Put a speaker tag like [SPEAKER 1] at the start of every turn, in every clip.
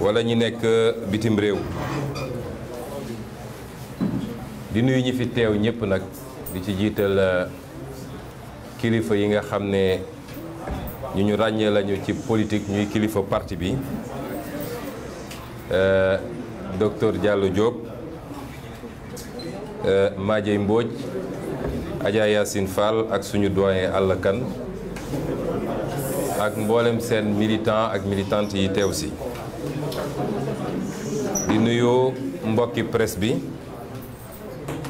[SPEAKER 1] wala ñi nekk euh, bitim réew di ñu fi teew ñëpp nag di ci jiital euh, kilifa yi nga xam ne ñu ñu ràññee lañu ci politique ñuy kilifa parti bi euh, docteur Diallo Diop Madieye Mbodj Adja Yacine Fall ak suñu doyen Alla Kane ak mboolem seen militant ak militante yi teew si di nuyoo mbokki presse bi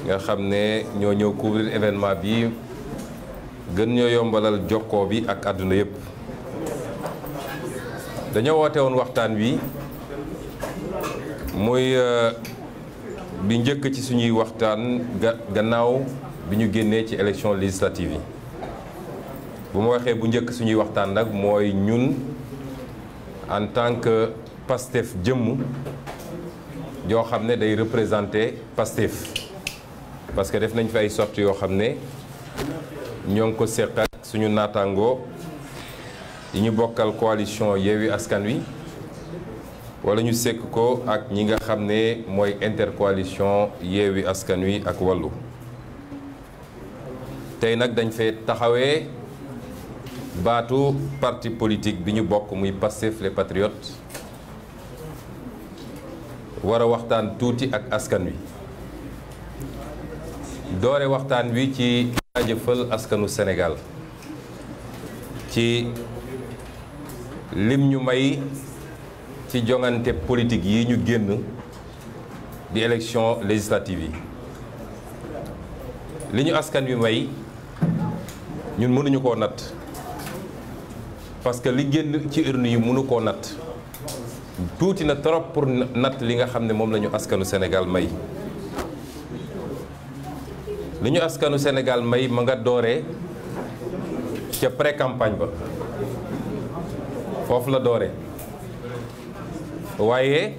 [SPEAKER 1] nga xam ne ñoo ñëw couvrir événement bi gën ñoo yombalal jokkoo bi ak àdduna yëpp dañoo woote woon waxtaan wi muy euh, bi njëkk ci suñuy waxtaan gannaaw bi ñu génnee ci élection législative yi bu ma waxee bu njëkk suñuy waxtaan nag mooy ñun en tant que Pastef jëmm joo xam ne day représenter Pastef parce que def nañ fi ay sorties yoo xam ne ñoo ngi ko seq suñu naataangoo yi ñu bokkal coalition Yewwi Askan Wi wala ñu seq ko ak ñi nga xam ne mooy intercoalition Yewwi Askan Wi ak wàllu tey nag dañ fee taxawee baatu parti politique bi ñu bokk muy Pastef les Patriotes war waxtaan tuuti ak askan wi doore waxtaan wi ci jaajëfal askanu Sénégal ci lim ñu may ci joŋante politique yi ñu génn di élection législative yi li ñu askan wi may ñun mënuñu koo natt parce que li génn ci urne yi mënu koo natt tuuti na trop pour natt li nga xam ne moom la ñu askanu senegal may li ñu askanu senegal may ma nga doore ca pré-campagne ba foofu la doore waaye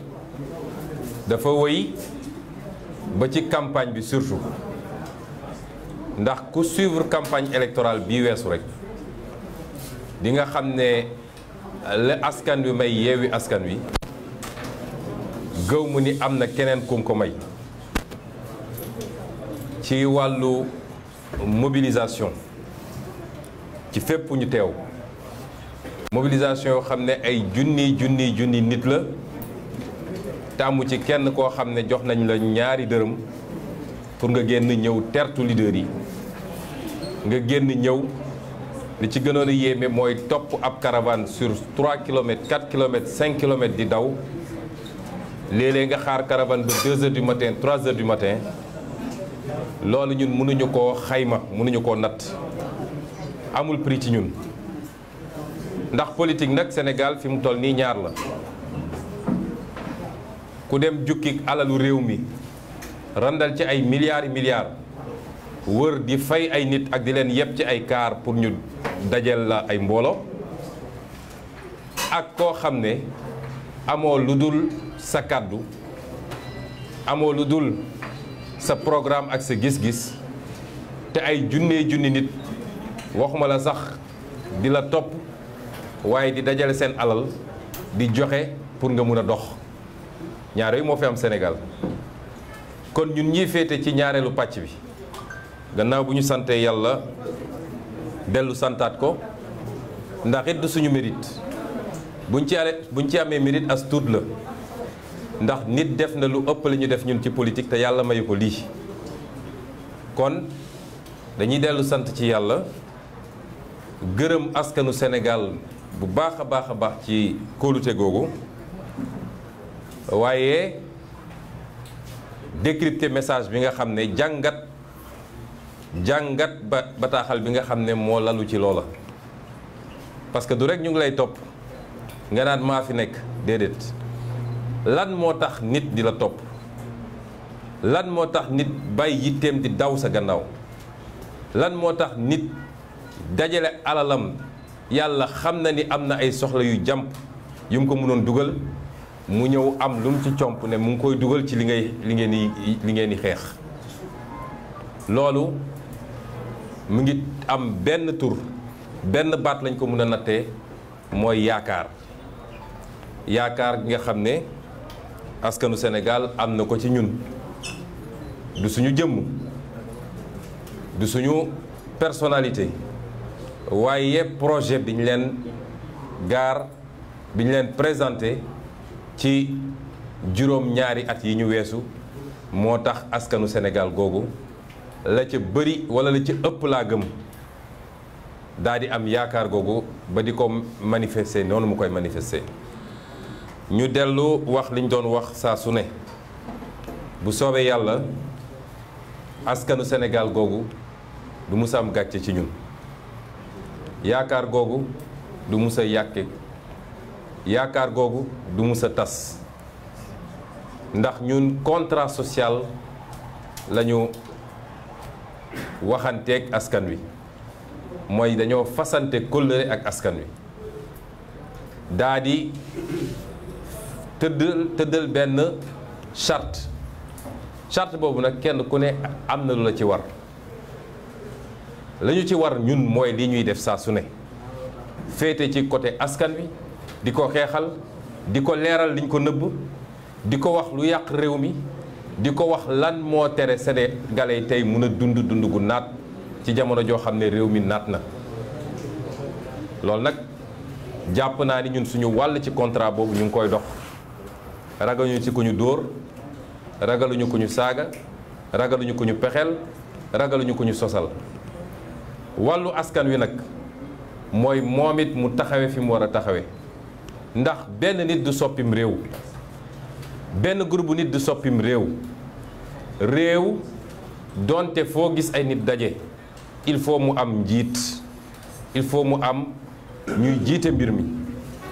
[SPEAKER 1] dafa wëy ba ci campagne bi surtout ndax ku suivre campagne électorale bi weesu rek di nga xam ne la askan wi may yeewi askan wi gëw mu ni am na keneen ku ko may ci wàllu mobilisation ci fépp ñu teew mobilisation yoo xam ne ay junni junni junni nit la te ci kenn koo xam ne jox nañ la ñaari dërëm pour nga génn ñëw tertu leader yi nga génn ñëw li ci gënoon yéeme mooy topp ab caravane sur 3 kilomètres 4 kilomètres 5 di daw léeg nga xaar caravane ba 2 heures du matin 3 du matin loolu ñun mënuñu koo xayma mënuñu koo natt amul prix ci ñun ndax politique nag Sénégal fi mu toll nii ñaar la ku dem jukki alalu réew mi randal ci ay milliards milliards wër di fay ay nit ak di leen yëpp ci ay kaar pour ñu dajal la ay mbooloo ak koo xam ne amoo lu dul sa kàddu amoo lu dul sa programme ak sa gis-gis te ay junnee junni nit waxuma la sax di la topp waaye di dajale seen alal di joxe pour nga mun a dox ñaar yooyu moo fi am Sénégal kon ñun ñiy féete ci ñaareelu pàcc bi gannaaw bu ñu santee yàlla dellu santaat ko ndax it du suñu mérite buñ ci buñ ci amee mérite as tuut la ndax nit def na lu ëpp li ñu def ñun ci politique te yàlla mayu ko lii kon dañuy dellu sant ci yàlla gërëm askanu senegal bu baax a baax baax ci kóolute googu waaye décrypter message bi nga xam ne jàngat jàngat ba bataaxal bi nga xam ne moo lalu ci loola parce que du rek ñu ngi lay topp nga naan maa fi nekk déedéet lan moo tax nit di la topp lan moo tax nit bàyyi yitteem di daw sa gannaaw lan moo tax nit dajale alalam yàlla xam na ni am na ay soxla yu jàmp yu mu ko mënoon dugal mu ñëw am lu mu ci comp ne mu ngi koy dugal ci li ngay li ngeen di li ngeen di xeex loolu mu ngi am benn tur benn baat lañ ko mën a nattee mooy yaakaar yaakaar gi nga xam ne askanu Sénégal am na ko ci ñun du suñu jëmm du suñu personnalité waaye projet bi ñu leen gaar bi ñu leen présenté ci juróom ñaari at yi ñu weesu moo tax askanu Sénégal googu la ca bëri wala la ca ëpp laa gëm daa di am yaakaar googu ba di ko manifester noonu mu koy manifester ñu dellu wax liñ doon wax saa su ne bu soobee yàlla askanu Sénégal googu du mus a am gàcce ci ñun yaakaar googu du mus a yàqe yaakaar googu du mus a tas ndax ñun contrat social lañu waxanteeg askan wi mooy dañoo fasante kóllëre ak askan wi daadi di tëddal tëddal benn charte charte boobu nag kenn ku ne am na lu la ci war la ñu ci war ñun mooy li ñuy def saa su ne féete ci côté askan wi di ko xeexal di ko leeral liñ ko nëbb di ko wax lu yàq réew mi di ko wax lan moo tere Sénégalais tey mun a dund dund gu naat ci jamono joo xam ne réew mi naat na loolu nag jàpp naa ni ñun suñu wàll ci contrat boobu ñu ngi koy dox ragaluñu ci ku ñu dóor ragaluñu ku ñu saaga ragaluñu ko ñu pexeel ragaluñu ko ñu sosal wàllu askan wi nag mooy moom it mu taxawe fi mu war a taxawe ndax benn nit du soppim réew benn groupe nit du soppim réew réew donte foo gis ay nit daje il faut mu am njiit il faut mu am ñuy jiite mbir mi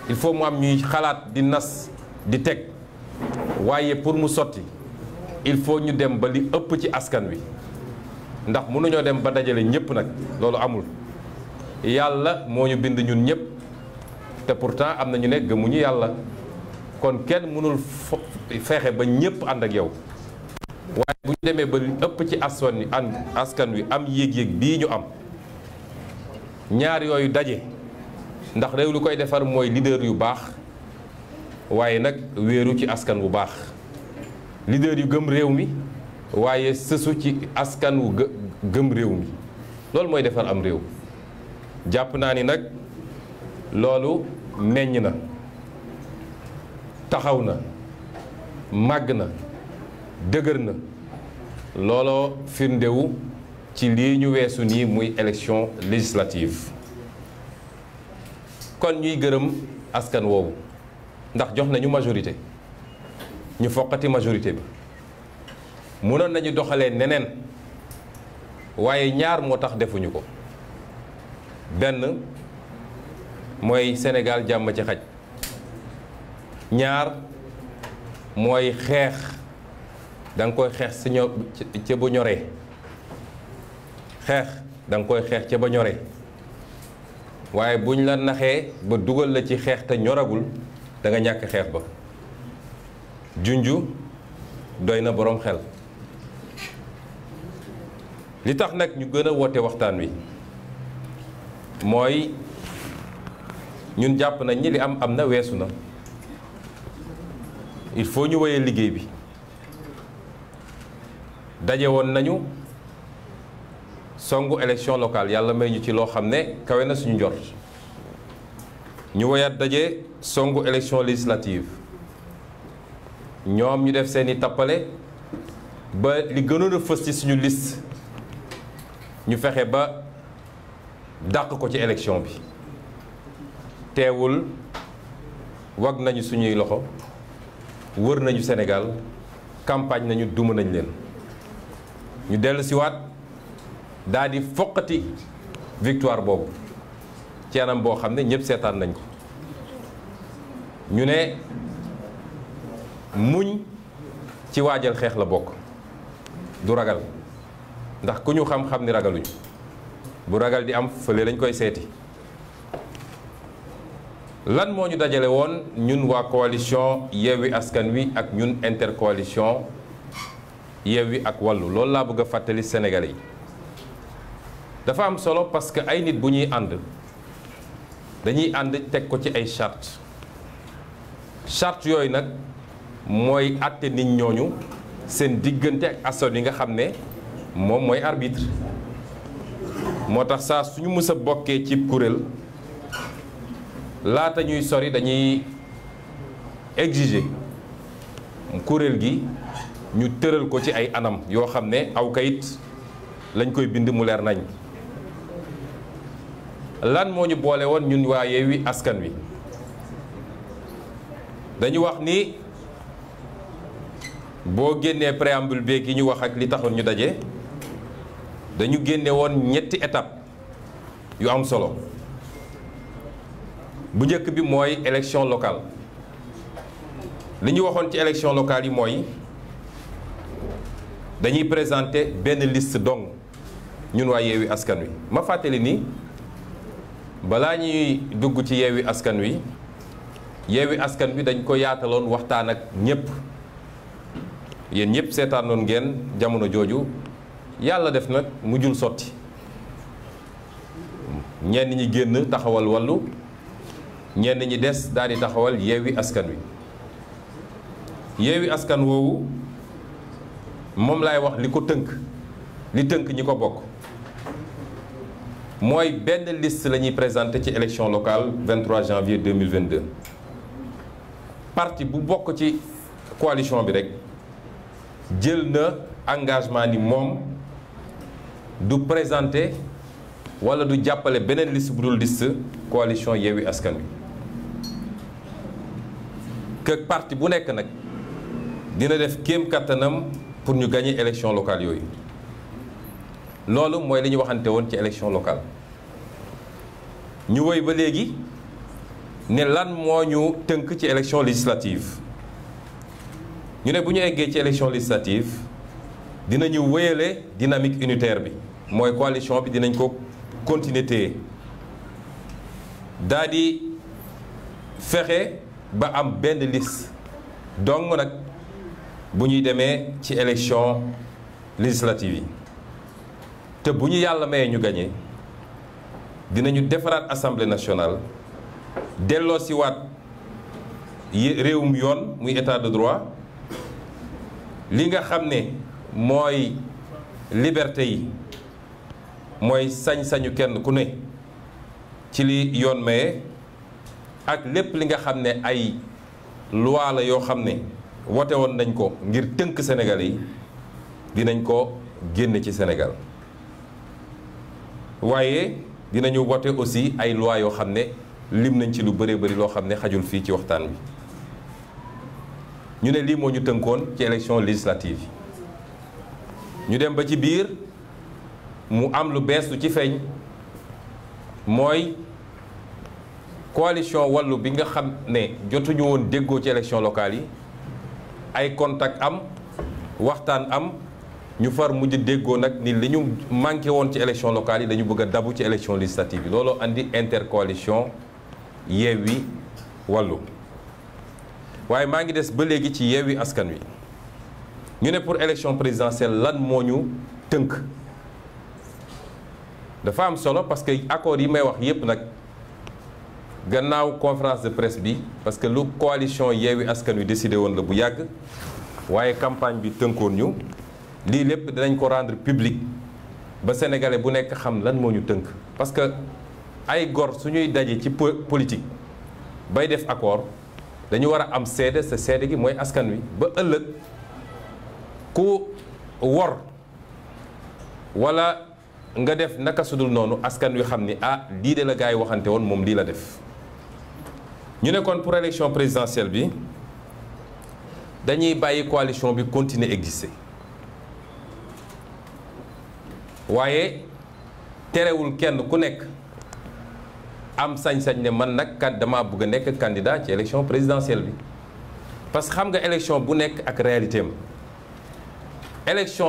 [SPEAKER 1] il faut mu am ñuy xalaat di nas di teg waaye pour mu sotti il faut ñu dem ba li ëpp ci askan wi ndax mënuñoo dem ba dajale ñëpp nag loolu amul yàlla moo ñu bind ñun ñëpp te pourtant am na ñu ne gëmuñu yàlla kon kenn mënul fexe ba ñëpp ànd ak yow waaye bu ñu demee ba lu ëpp ci aswan wi ànd askan wi am yéeg-yéeg bii ñu am ñaar yooyu daje ndax réew lu koy defar mooy leader yu baax waaye nag wéeru ci askan wu baax leader yu gëm réew mi waaye sësu ci askan wu gëm réew mi loolu mooy defar am réew jàpp naa ni nag loolu meññ na taxaw na màgg na dëgër na looloo firndewu ci lii ñu weesu nii muy élection législative kon ñuy gërëm askan woowu ndax jox nañu majorité ñu foqati majorité bi mënoon nañu doxalee neneen waaye ñaar moo tax defuñu ko benn mooy Sénégal jàmm ci xaj ñaar mooy xeex da koy xeex si ño ca ba ñoree xeex danga koy xeex ca ba ñoree waaye buñ la naxee ba dugal la ci xeex te ñoragul danga ñàkk xeex ba junju doy na boroom xel li tax nag ñu gën a woote waxtaan wi mooy ñun jàpp nañ ni li am am na weesu na il faut ñu wéyee liggéey bi daje woon nañu songu élection locale yàlla may ñu ci loo xam ne kawe na suñu njort ñu woyaat daje songu élection législative ñoom ñu def seeni tappale ba li gënoon a fës ci suñu liste ñu fexe ba dàq ko ci élection bi teewul wag nañu suñuy loxo wër nañu Sénégal campagne nañu duma nañ leen ñu dellu siwaat daal foqati victoire boobu ci anam boo xam ne ñëpp seetaan nañ ko ñu ne muñ ci waajal xeex la bokk du ragal ndax ku ñu xam-xam ni ragaluñ bu ragal di am fële lañ koy seeti lan moo ñu dajale woon ñun waa coalition Yewwi Askan Wi ak ñun intercoalition Yewwi ak wàllu loolu laa bëgg a fàttali Sénégalais yi dafa am solo parce que ay nit bu ñuy ànd dañuy ànd teg ko ci ay charte charte yooyu nag mooy àtte nit ñooñu seen diggante ak askan yi nga xam ne moom mooy arbitre moo tax saa su ñu a bokkee ci kuréel laata ñuy sori dañuy exiger kuréel gi ñu tëral ko ci ay anam yoo xam ne aw kayit lañ koy bind mu leer nañ lan moo ñu boole woon ñun waaye wi Askan Wi dañu wax ni boo génnee préambule beeg yi ñu wax ak li taxoon ñu daje dañu génne woon ñetti étape yu am solo bu njëkk bi mooy élection local li ñu waxoon ci élection locale yi mooy dañuy présenter benn list dong ñun waa Yewwi Askan Wi ma fàttali ni balaa ñuy dugg ci Yewwi Askan Wi Yewwi Askan Wi dañ ko yaataloon waxtaan ak ñépp yéen ñëpp seetaanoon ngeen jamono jooju yàlla def nag mujjul sotti ñenn ñi génn taxawal wàllu ñenn ñi des daal di taxawal yeewi askan wi yeewi askan woowu moom laay wax li ko tënk li tënk ñi ko bokk mooy benn list la ñuy présenté ci élection locale 23 janvier 2022 parti bu bokk ci coalition bi rek jël na engagement ni moom du présenté wala du jàppale beneen liste bu dul liste coalition Yewwi Askan Wi que parti bu nekk nag dina def kéem kattanam pour ñu gagner élection locale yooyu loolu mooy li ñu waxante woon ci élection locale ñu woy ba léegi ne lan moo ñu tënk ci élection législative ñu ne bu ñu eggee ci élection législative dinañu wéyale dynamique unitaire bi mooy coalition bi dinañ ko continuer téye daa fexe ba am benn liste donc nag bu ñuy demee ci élection législative yi te bu ñu yàlla mayee ñu gañee dinañu defaraat assemblée nationale delloo si waat réewum yoon muy état de droit li nga xam ne mooy liberté yi mooy sañ-sañu kenn ku ne ci li yoon maye ak lépp li nga xam ne ay loi yoo xam ne wote woon nañ ko ngir tënk Sénégal yi dinañ ko génne ci senegal waaye dinañu wote aussi ay loi yoo xam ne lim nañ ci lu bëree bëri loo xam ne xajul fii ci waxtaan bi ñu ne lii moo ñu tënkoon ci élection législative ñu dem ba ci biir mu am lu bees lu ci feeñ mooy coalition wallu bi nga xam ne jotuñu woon déggoo ci élection locale yi ay contact am waxtaan am ñu far mujj déggoo nag ni li ñu manqué woon ci élection locale yi dañu bëgg dabu ci élection législative yi looloo andi intercoalition yi wàllu waaye maa ngi des ba léegi ci yi askan wi ñu ne pour élection présidentielle lan moo ñu tënk dafa am solo parce que accord yi may wax yépp nag gannaaw conférence de presse bi parce que lu coalition Yewwi Askan Wi décidé woon la bu yàgg waaye campagne bi tënkoon ñu lii lépp dinañ ko rendre public ba sénégalais bu nekk xam lan moo ñu tënk. parce que ay gor suñuy daje ci politique bay def accord dañu war a am seede sa seede gi mooy askan wi ba ëllëg ku wor walla nga def naka sudul noonu askan wi xam ni ah lii de la gars yi waxante woon moom lii la def. ñu ne kon pour élection présidentielle bi dañuy bàyyi coalition bi continuer exister waaye terewul kenn ku nekk am sañ-sañ ne man nag kat damaa bëgg a nekk candidat ci élection présidentielle bi parce que xam nga élection bu nekk ak réalité am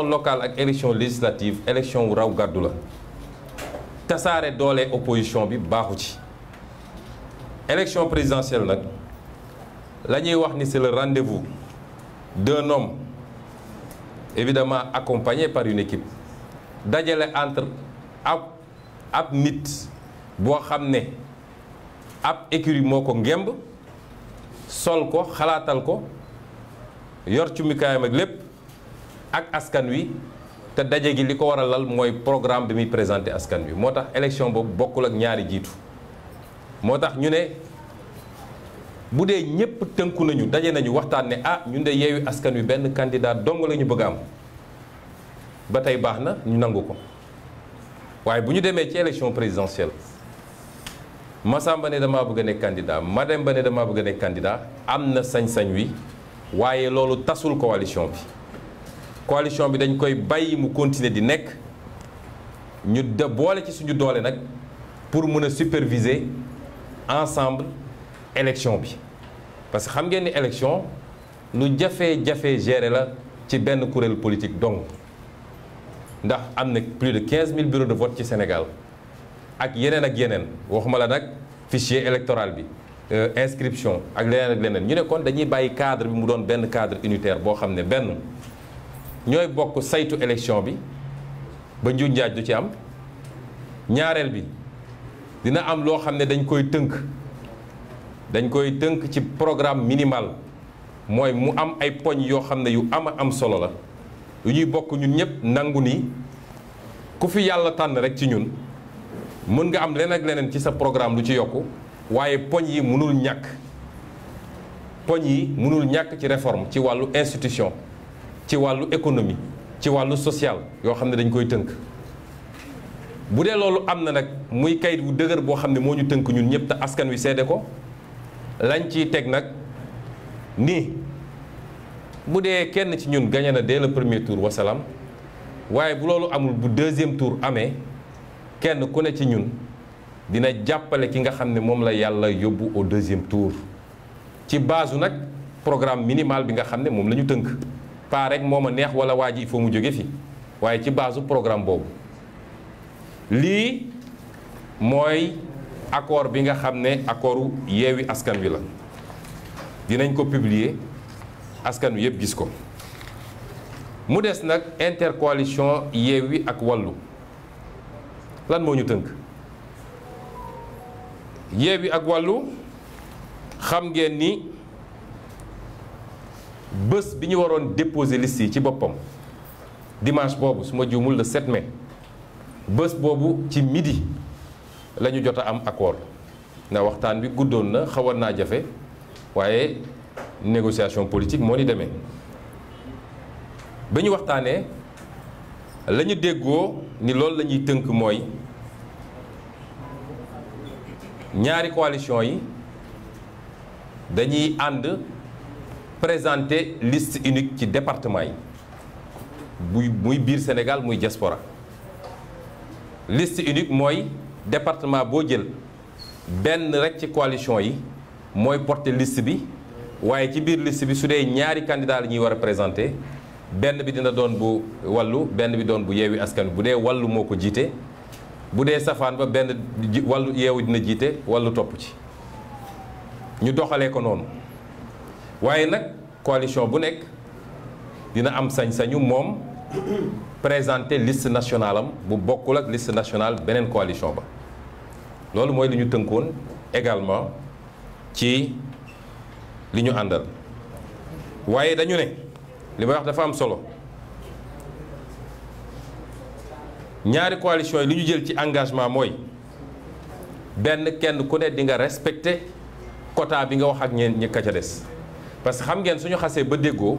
[SPEAKER 1] locale ak élection législative élection wu raw gàddu la tasaare doole opposition bi baaxu ci élection présidentielle nag la ñuy wax ni c'est le rendez-vous d'un homme évidemment accompagné par une équipe dajale entre ab ab nit boo xam ne ab écurie moo ko ngémb sol ko xalaatal ko yor ci mikaayam ak lépp ak askan wi te daje gi li ko war a lal mooy programme bi muy présenté askan wi moo tax élection boobu bokkul ak ñaari jiitu moo tax ñu ne bu dee ñëpp tënku nañu daje nañu waxtaan ne ah ñu de yeewi askan wi benn candidat dong la bëgg am ba tey baax na ñu nangu ko waaye bu ñu demee ci élection présidentielle Massamba ne damaa bëgg a nekk candidat Mademba ne damaa bëgg a nekk candidat am na sañ-sañ wi waaye loolu tasul coalition bi coalition bi dañ koy bàyyi mu continuer di nekk ñu de boole ci suñu doole nag pour mën a superviser ensemble élection bi parce que xam ngeen ni élection lu jafe jafe gérer la ci benn kuréel politique donc ndax am na plus de 15 000 bureaux de vote ci Sénégal ak yeneen ak yeneen waxuma la nag fichier électoral bi euh, inscription ak leneen ak leneen ñu ne kon dañuy bàyyi caadre bi mu doon benn cadre unitaire boo xam ne benn ñooy bokk saytu élection bi ba njuñ njaaj du ci am ñaareel bi dina am loo xam ne dañ koy tënk dañ koy tënk ci programme minimal mooy mu am ay poñ yoo xam ne yu ama am solo la yu ñuy bokk ñun ñëpp nangu nii ku fi yàlla tànn rek ci ñun mën nga am leneen ak leneen ci sa programme lu ci yokku waaye poñ yi mënul ñàkk poñ yi mënul ñàkk ci réforme ci wàllu institution ci wàllu économie ci wàllu social yoo xam ne dañ koy tënk bu dee loolu am na nag muy kayit wu dëgër boo xam ne moo ñu tënk ñun ñëpp te askan wi seede ko lañ ciy teg nag ni bu dee kenn ci ñun gagné na dès le premier tour wasalaam waaye bu loolu amul bu deuxième tour amee kenn ku ne ci ñun dina jàppale ki nga xam ne moom la yàlla yóbbu au deuxième tour ci base nag programme minimal bi nga xam ne moom la ñu tënk pas rek moo ma neex wala waa ji il mu jóge fi waaye ci base programme boobu. lii mooy accord bi nga xam ne accordu yeewi askan wi la dinañ ko publier askan wi yëpp gis ko mu des nag intercoalition yeewi ak wàllu lan moo ñu tënk yeewi ak wàllu xam ngeen ni bés bi ñu waroon déposé liste yi ci boppam dimanche boobu suma ma juumul le 7 mai bés boobu ci midi la ñu jot a am accord ndax waxtaan bi guddoon na xawoon naa jafe waaye négociation politique moo ni demee ba ñu waxtaanee la ñu déggoo ni loolu la ñuy tënk mooy ñaari coalition yi dañuy ànd présente list unique ci département yi buy muy biir Sénégal muy diaspora list unique mooy département boo jël benn rek ci coalition yi mooy porter liste bi waaye ci biir liste bi su dee ñaari candidat la ñuy war a présenter benn bi dina doon bu wàllu benn bi doon bu yeewi askan bu dee wàllu moo ko jiite bu dee safaan ba benn wàllu yeewu dina jiite wàllu topp ci ñu doxalee ko noonu waaye nag coalition bu nekk dina am sañ-sañu moom présenter list nationale am bu bokkul ak list nationale beneen coalition ba loolu mooy li ñu tënkoon également ci li ñu àndal waaye dañu ne li may wax dafa am solo ñaari coalition yi li ñu jël ci engagement mooy benn kenn ku ne dinga nga respecter bi nga wax ak ñeen ñi ka ca des parce que xam ngeen suñu xasee ba déggoo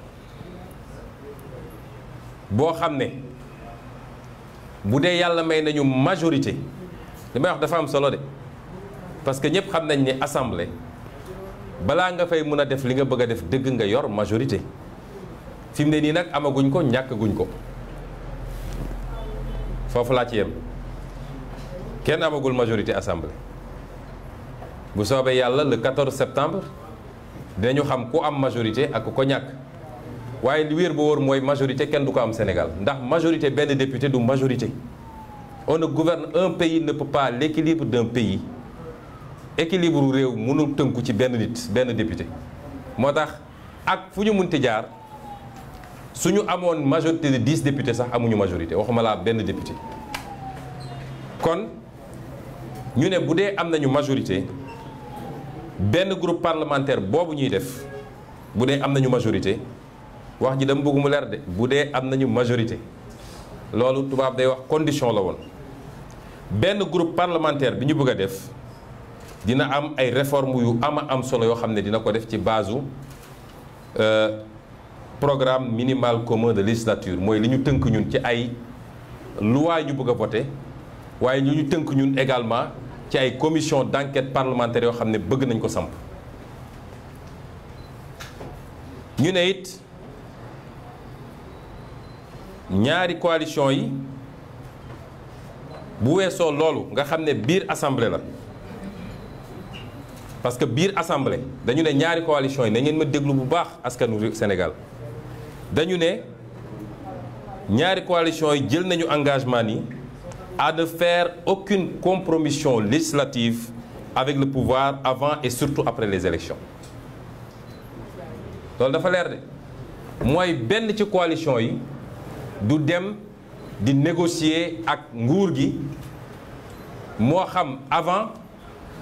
[SPEAKER 1] boo xam ne bu dee yàlla may nañu majorité li may wax dafa am solo de parce que ñëpp xam nañ ne assemblée balaa nga fay mun a def li nga bëgg a def dëgg nga yor majorité fi mu ne nii nag amaguñ ko ñàkkaguñ ko foofu laa ci yem kenn amagul majorité assemblée bu soobee yàlla le 14 septembre dinañu xam ku am majorité ak ku ko ñàkk. waaye li wéer ba wóor mooy majorité kenn du ko am Sénégal ndax majorité benn député du majorité on ne gouverne un pays ne pa pas l'équilibre d'un pays équilibre réew mënul tënku ci benn nit benn député moo tax ak fu ñu munti jaar suñu amoon majorité de dix députés sax amuñu majorité waxuma laa benn député kon ñu ne bu dee am nañu majorité benn groupe parlementaire boobu ñuy def bu dee am nañu majorité wax ji dama bëgg leer de bu dee am nañu majorité loolu tubaab day wax condition la woon benn groupe parlementaire bi ñu bëgg a def dina am ay réforme yu ama am solo yoo xam ne dina ko def ci base euh, programme minimal commun de législature mooy li ñu tënk ñun ci ay loi ñu bëgg a voté waaye li ñu tënk ñun également ci ay commission d'enquête parlementaire yoo xam ne bëgg nañ ko samp ñu ne it ñaari coalition yi bu weesoo loolu nga xam ne biir assemblée la parce que biir assemblée dañu ne ñaari coalition yi na ngeen ma déglu bu baax askanu Sénégal dañu ne ñaari coalition yi jël nañu engagement ni à ne faire aucune compromission législative avec le pouvoir avant et surtout après les élections loolu dafa leer de mooy benn ci coalition yi du dem di négocier ak nguur gi moo xam avant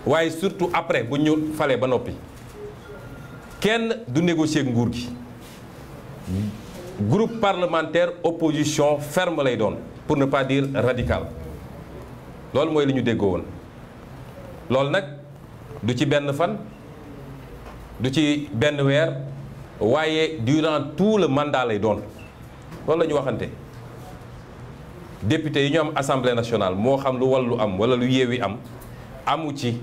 [SPEAKER 1] waaye surtout après bu ñu falee ba noppi kenn du négocier ak nguur gi groupe parlementaire opposition ferme lay doon pour ne pas dire radical loolu mooy li ñu déggoo woon loolu nag du ci benn fan du ci benn weer waaye durant tout le mandat lay doon loolu la waxante député yi ñu am assemblée nationale moo xam lu lu am wala lu yi am amu ci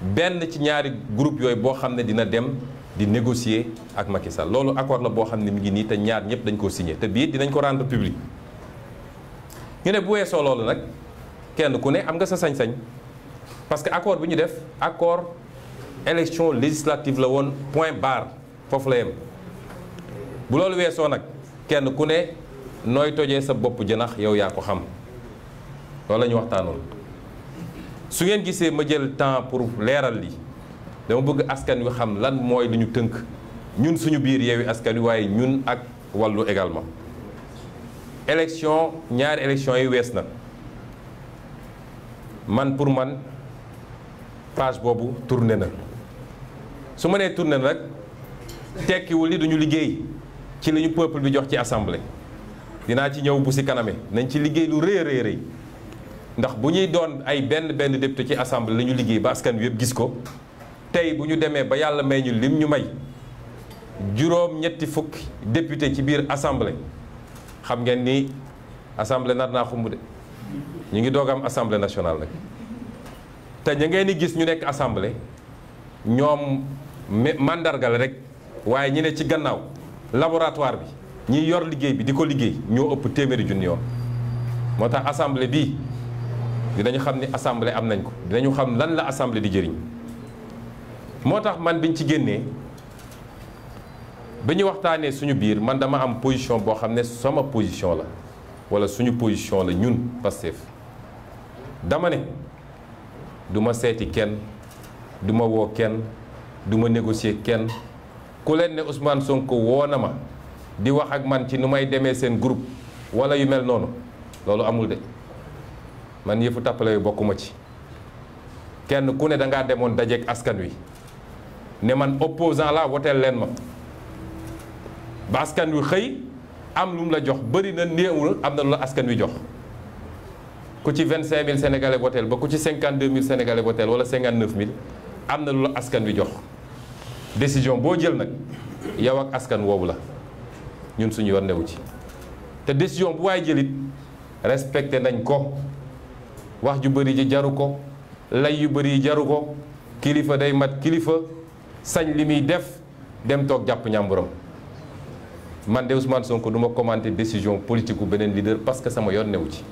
[SPEAKER 1] benn ci ñaari groupe yooyu boo xam ne dina dem di négocier ak Macky Sall loolu accord la boo xam ne mi ngi nii te ñaar ñëpp dañ ko signé te bii dinañ ko rendre public ñu ne bu weesoo loolu nag kenn ku ne am nga sa sañ-sañ parce que accord bi ñu def accord élection législative la woon point bar foofu la yem bu loolu weesoo nag. kenn ku ne nooy tojee sa bopp janax yow yaa ko xam loolu la ñu waxtaanoon su ngeen gisee ma jël temps pour leeral li dama bëgg askan wi xam lan mooy li ñu tënk ñun suñu biir yeewi askan wi waaye ñun ak wàllu également élection ñaari élection yi wees na man pour man page boobu tourné na su ma nee tourné nag tekkiwul li duñu liggéey ci la ñu peuple bi jox ci assemblée dinaa ci ñëw bu si kaname nañ ci liggéey lu rëy rëy ndax bu ñuy doon ay benn benn député ci assemblée la ñu liggéey ba askan wi gis ko tey bu ñu demee ba yàlla may ñu lim ñu may juróom ñetti fukki député ci biir assemblée xam ngeen ni assemblée nar naa xumb de ñu ngi doog am assemblée nationale rek te ña ngeen di gis ñu nekk assemblée ñoom mandargal rek waaye ñu ne ci gannaaw. laboratoire bi ñi yor liggéey bi di ko liggéey ñoo ëpp téeméeri junni yoon moo tax assemblée bii dinañu xam ni assemblée am nañ ko dinañu xam lan la assemblée di jëriñ moo tax man biñ ci génnee bi ñu waxtaanee suñu biir man dama am position boo xam ne sama position la wala suñu position la ñun Pastef dama ne du ma seeti kenn duma woo kenn duma ma négocier kenn ku leen ne Ousmane Sonko woo na ma di wax ak man ci nu may demee seen groupe wala yu mel noonu loolu amul de man yëfu tappale yu bokkuma ci kenn ku ne da demoon dajeeg askan wi ne man opposant la woteel leen ma ba askan wi xëy am lu mu la jox bëri na néewul am na lu la askan wi jox ku ci 25000 sénégalais woteel ba ku ci 52000 sénégalais woteel wala 59000 am na lu la askan wi jox. décision boo jël nag yow ak askan woowu la ñun suñu yoon newu ci te décision bu waay jëlit respecté nañ ko wax ju bëri ji jaru ko lay yu bëri yi jaru ko kilifa day mat kilifa sañ li muy def dem toog jàpp ñàmburam man de Ousmane Sonko du ma commenter décision politique bu beneen leader parce que sama yoon newu ci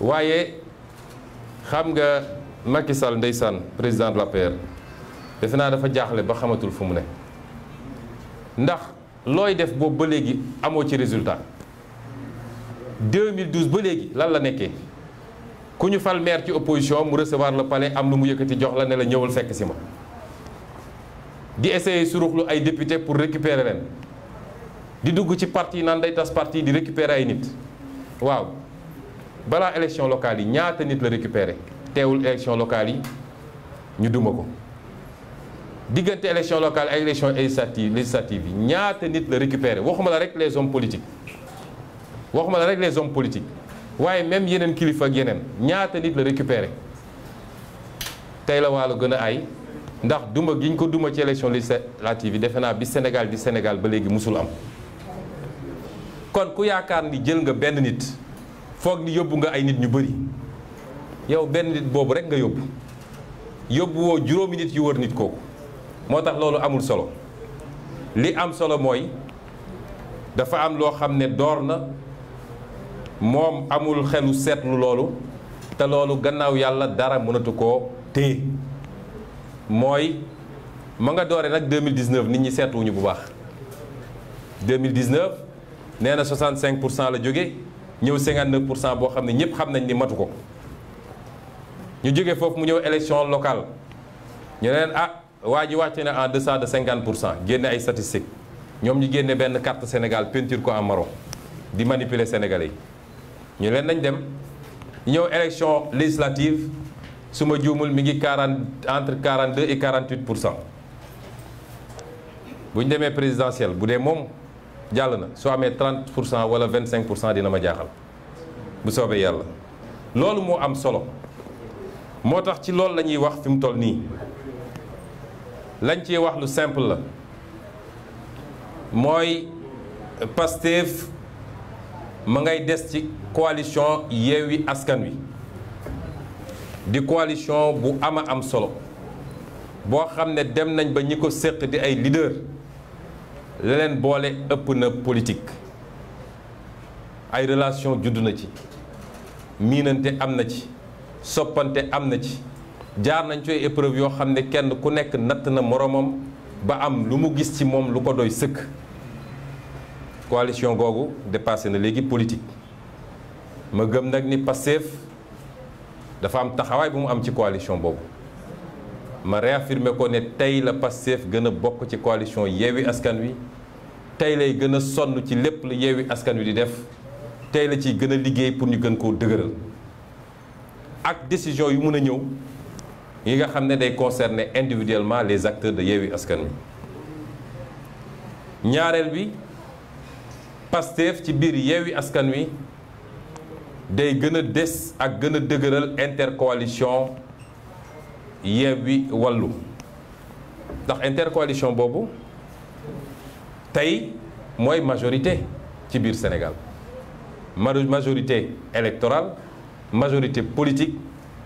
[SPEAKER 1] waaye xam nga Macky Sall ndeysaan président de la PR defe naa dafa jaaxle ba xamatul fu mu ne ndax looy def boobu ba léegi amoo ci résultat 2012 ba léegi lan la nekkee ku ñu fal meer ci opposition mu recevoir le palais am lu mu yëkkati jox la ne la ñëwal fekk si ma di essayer suruxlu ay député pour récupérer leen di dugg ci parti naan day tas parti di récupérer ay nit waaw balaa élection locale yi ñaata nit la récupérer teewul élection locale yi ñu duma ko diggante élection locale ak élection législative législative yi ñaata nit la récupérer waxuma la rek les hommes politiques waxuma la rek les hommes politiques waaye même yeneen kilifa yeneen ñaata nit la récupérer tey la waalo gën a ay ndax duma gi ñu ko duma ci élection législative yi defe naa bi Sénégal di Sénégal ba léegi musul am kon ku yaakaar ni jël nga benn nit foog ni yóbbu nga ay nit ñu bëri yow benn nit boobu rek nga yóbbu yóbbu woo juróomi nit yu wër nit kooku moo tax loolu amul solo li am solo mooy dafa am loo xam ne door na moom amul xelu seetlu loolu te loolu gannaaw yàlla dara mënatu koo téye mooy ma nga doore nag 2019 nit ñi seetluwuñu bu baax 2019 nee na 65 pour cent la jóge ñëw 59 pour cent boo xam ne ñëpp xam nañ ni matu ko ñu jóge foofu mu ñëw élection locale ñu ne leen ah waa ji wàcc na en deçà de 50 pour cent génne ay statistiques ñoom ñu génne benn carte Sénégal peinture ko en marron di manipuler Sénégalais yi ñu leen nañ dem ñëw élection législative su ma juumul mi ngi 40 entre 42 et 48 pour cent bu ñu demee présidentielle bu dee moom jàll na soo amee 30 pour cent wala cinq pour cent dina ma jaaxal bu soobee yàlla loolu moo am solo moo tax ci loolu la ñuy wax fi mu toll nii. lañ ci wax lu simple la mooy Pastef ma ngay des ci coalition Yewwi Askan Wi di coalition bu ama am solo boo xam ne dem nañ ba ñi ko séq di ay leader leneen boole ëpp na politique ay relation juddu na ci miinante am na ci soppante am na ci jaar nañ ci épreuve yoo xam ne kenn ku nekk natt na moroomam ba am lu mu gis ci moom lu ko doy sëkk coalition googu dépassé na léegi politique ma gëm nag ni Pastef dafa am taxawaay bu mu am ci coalition boobu ma réaffirmer ko ne tey la Pastef gën a bokk ci coalition Yewwi Askan Wi tey lay gën a sonn ci lépp la Yewwi Askan Wi di def tey la ci gën a liggéey pour ñu gën koo dëgëral ak décision yu mun a ñëw yi nga xam ne day concerner individuellement les acteurs de Yewwi Askan Wi ñaareel bi Pastef ci biir Yewwi Askan Wi day gën a des ak gën a dëgëral intercoalition Yewwi Wallu ndax intercoalition boobu tey mooy majorité ci biir Sénégal majorité électorale majorité politique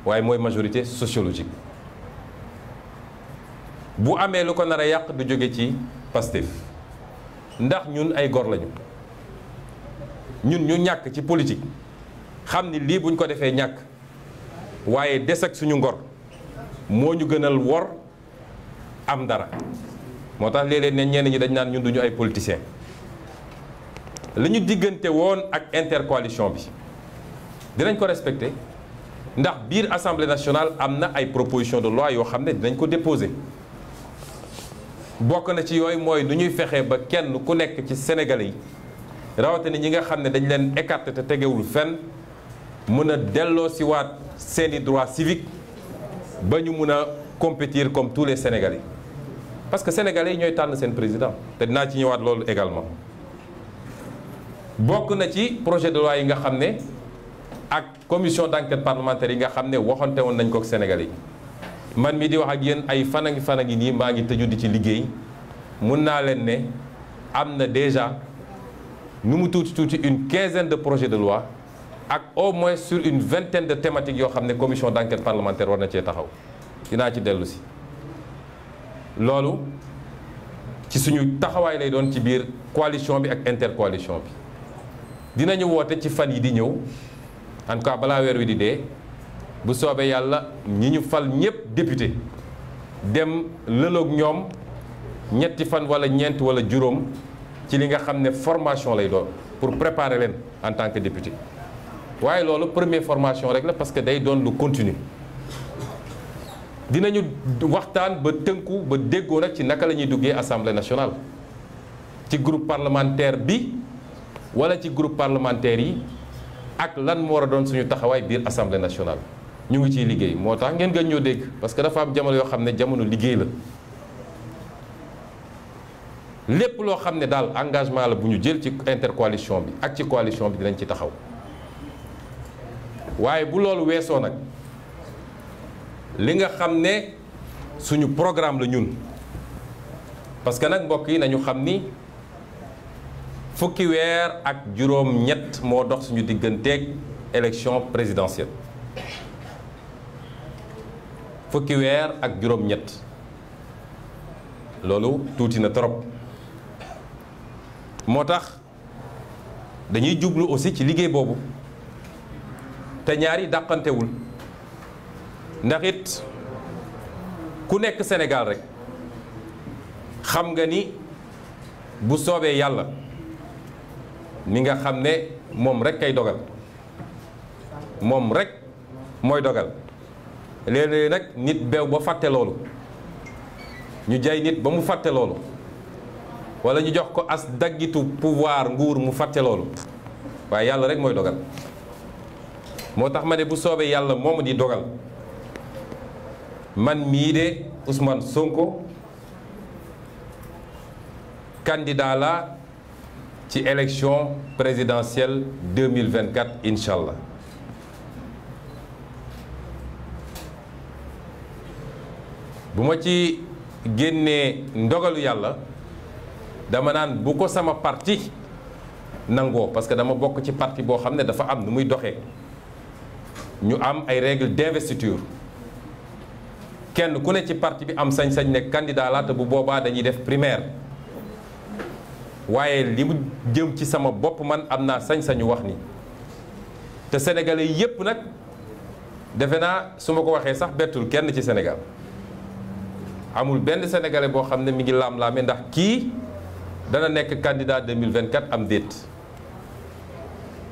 [SPEAKER 1] waaye mooy majorité sociologique bu amee lu ko nar a yàq du jóge ci Pastef ndax ñun ay gor lañu ñun ñu ñàkk ci politique xam ni lii buñ ko defee ñàkk waaye des ak suñu ngor moo ñu gënal wor am dara moo tax léeg-léeg ne ñenn ñi dañ naan ñun duñu ay politiciens li ñu diggante woon ak intercoalition bi dinañ ko respecter ndax biir assemblée nationale am na ay proposition de loi yoo xam ne dinañ ko déposer bokk na ci yooyu mooy nu ñuy fexee ba kenn ku nekk ci Sénégalais yi rawatina ñi nga xam ne dañ leen écarté te tegewul fenn mën a delloo si waat seeni droit civique ba ñu mun a compétir comme tous les Sénégalais parce que Sénégalais yi ñooy tànn seen président te dinaa ci ñëwaat loolu également bokk na ci projet de loi yi nga xam ne ak commission d'enquête parlementaire yi nga xam ne waxante woon nañ ko ak sénégal yi man mi di wax ak yéen ay fan a ngi fan a ngi nii maa ngi tëju di ci liggéey mun naa leen ne am na déjà nu mu tuuti tuuti une quinzaine de projet de loi ak au moins sur une vingtaine de thématiques yoo xam ne commission d'enquête parlementaire war na cee taxaw dinaa ci dellusi loolu ci suñu taxawaay lay doon ci biir coalition bi ak intercoalition bi dinañu woote ci fan yi di ñëw en tout cas balaa weer wi di dee bu soobee yàlla ñi ñu fal ñëpp député dem lëloog ñoom ñetti fan wala ñeent wala juróom ci li nga xam ne formation lay doon pour préparer leen en tant que député waaye loolu première formation rek la parce que day doon lu continue dinañu waxtaan ba tënku ba déggoo nag ci naka lañuy ñuy duggee assemblée nationale ci groupe parlementaire bi wala ci groupe parlementaire yi ak lan moo war doon suñu taxawaay biir assemblée nationale ñu ngi ciy liggéey moo tax ngeen gën ñoo dégg parce que dafa am jamono yoo xam ne jamono liggéey la lépp loo xam ne daal engagement la bu ñu jël ci intercoalition bi ak ci coalition bi dinañ ci taxaw waaye bu loolu weesoo nag li nga xam ne suñu programme la ñun parce que nag mbokk yi nañu xam ni fukki weer ak juróom ñett moo dox suñu digganteeg élection présidentielle fukki weer ak juróom-ñett loolu tuuti na torop moo tax dañuy jublu aussi ci liggéey boobu te ñaari dàqantewul ndaxit ku nekk Sénégal rekk xam nga ni bu soobee yàlla ni nga xam ne moom rek ay dogal moom rekk mooy dogal léeg-léeg nag nit beew ba fàtte loolu ñu jay nit ba mu fàtte loolu wala ñu jox ko as daggitu pouvoir nguur mu fàtte loolu waaye yàlla rek mooy dogal moo tax ma ne bu soobee yàlla moo ma di dogal man mii de Ousmane Sonko candidat la ci élection présidentielle 2024 incha allah bu ma ci génnee ndogalu yàlla dama naan bu ko sama parti nangoo parce que dama bokk ci parti boo xam ne dafa am nu muy doxee ñu am ay règles d'investiture kenn ku ne ci parti bi am sañ-sañ ne candidat la te bu boobaa dañuy def primaire waaye li mu jëm ci sama bopp man am naa sañ-sañu wax ni te sénégalais yépp nag defe naa su ma ko waxee sax bettul kenn ci Sénégal amul benn sénégalais boo xam ne mi ngi laam-laame ndax kii dana nekk candidat 2024 am déet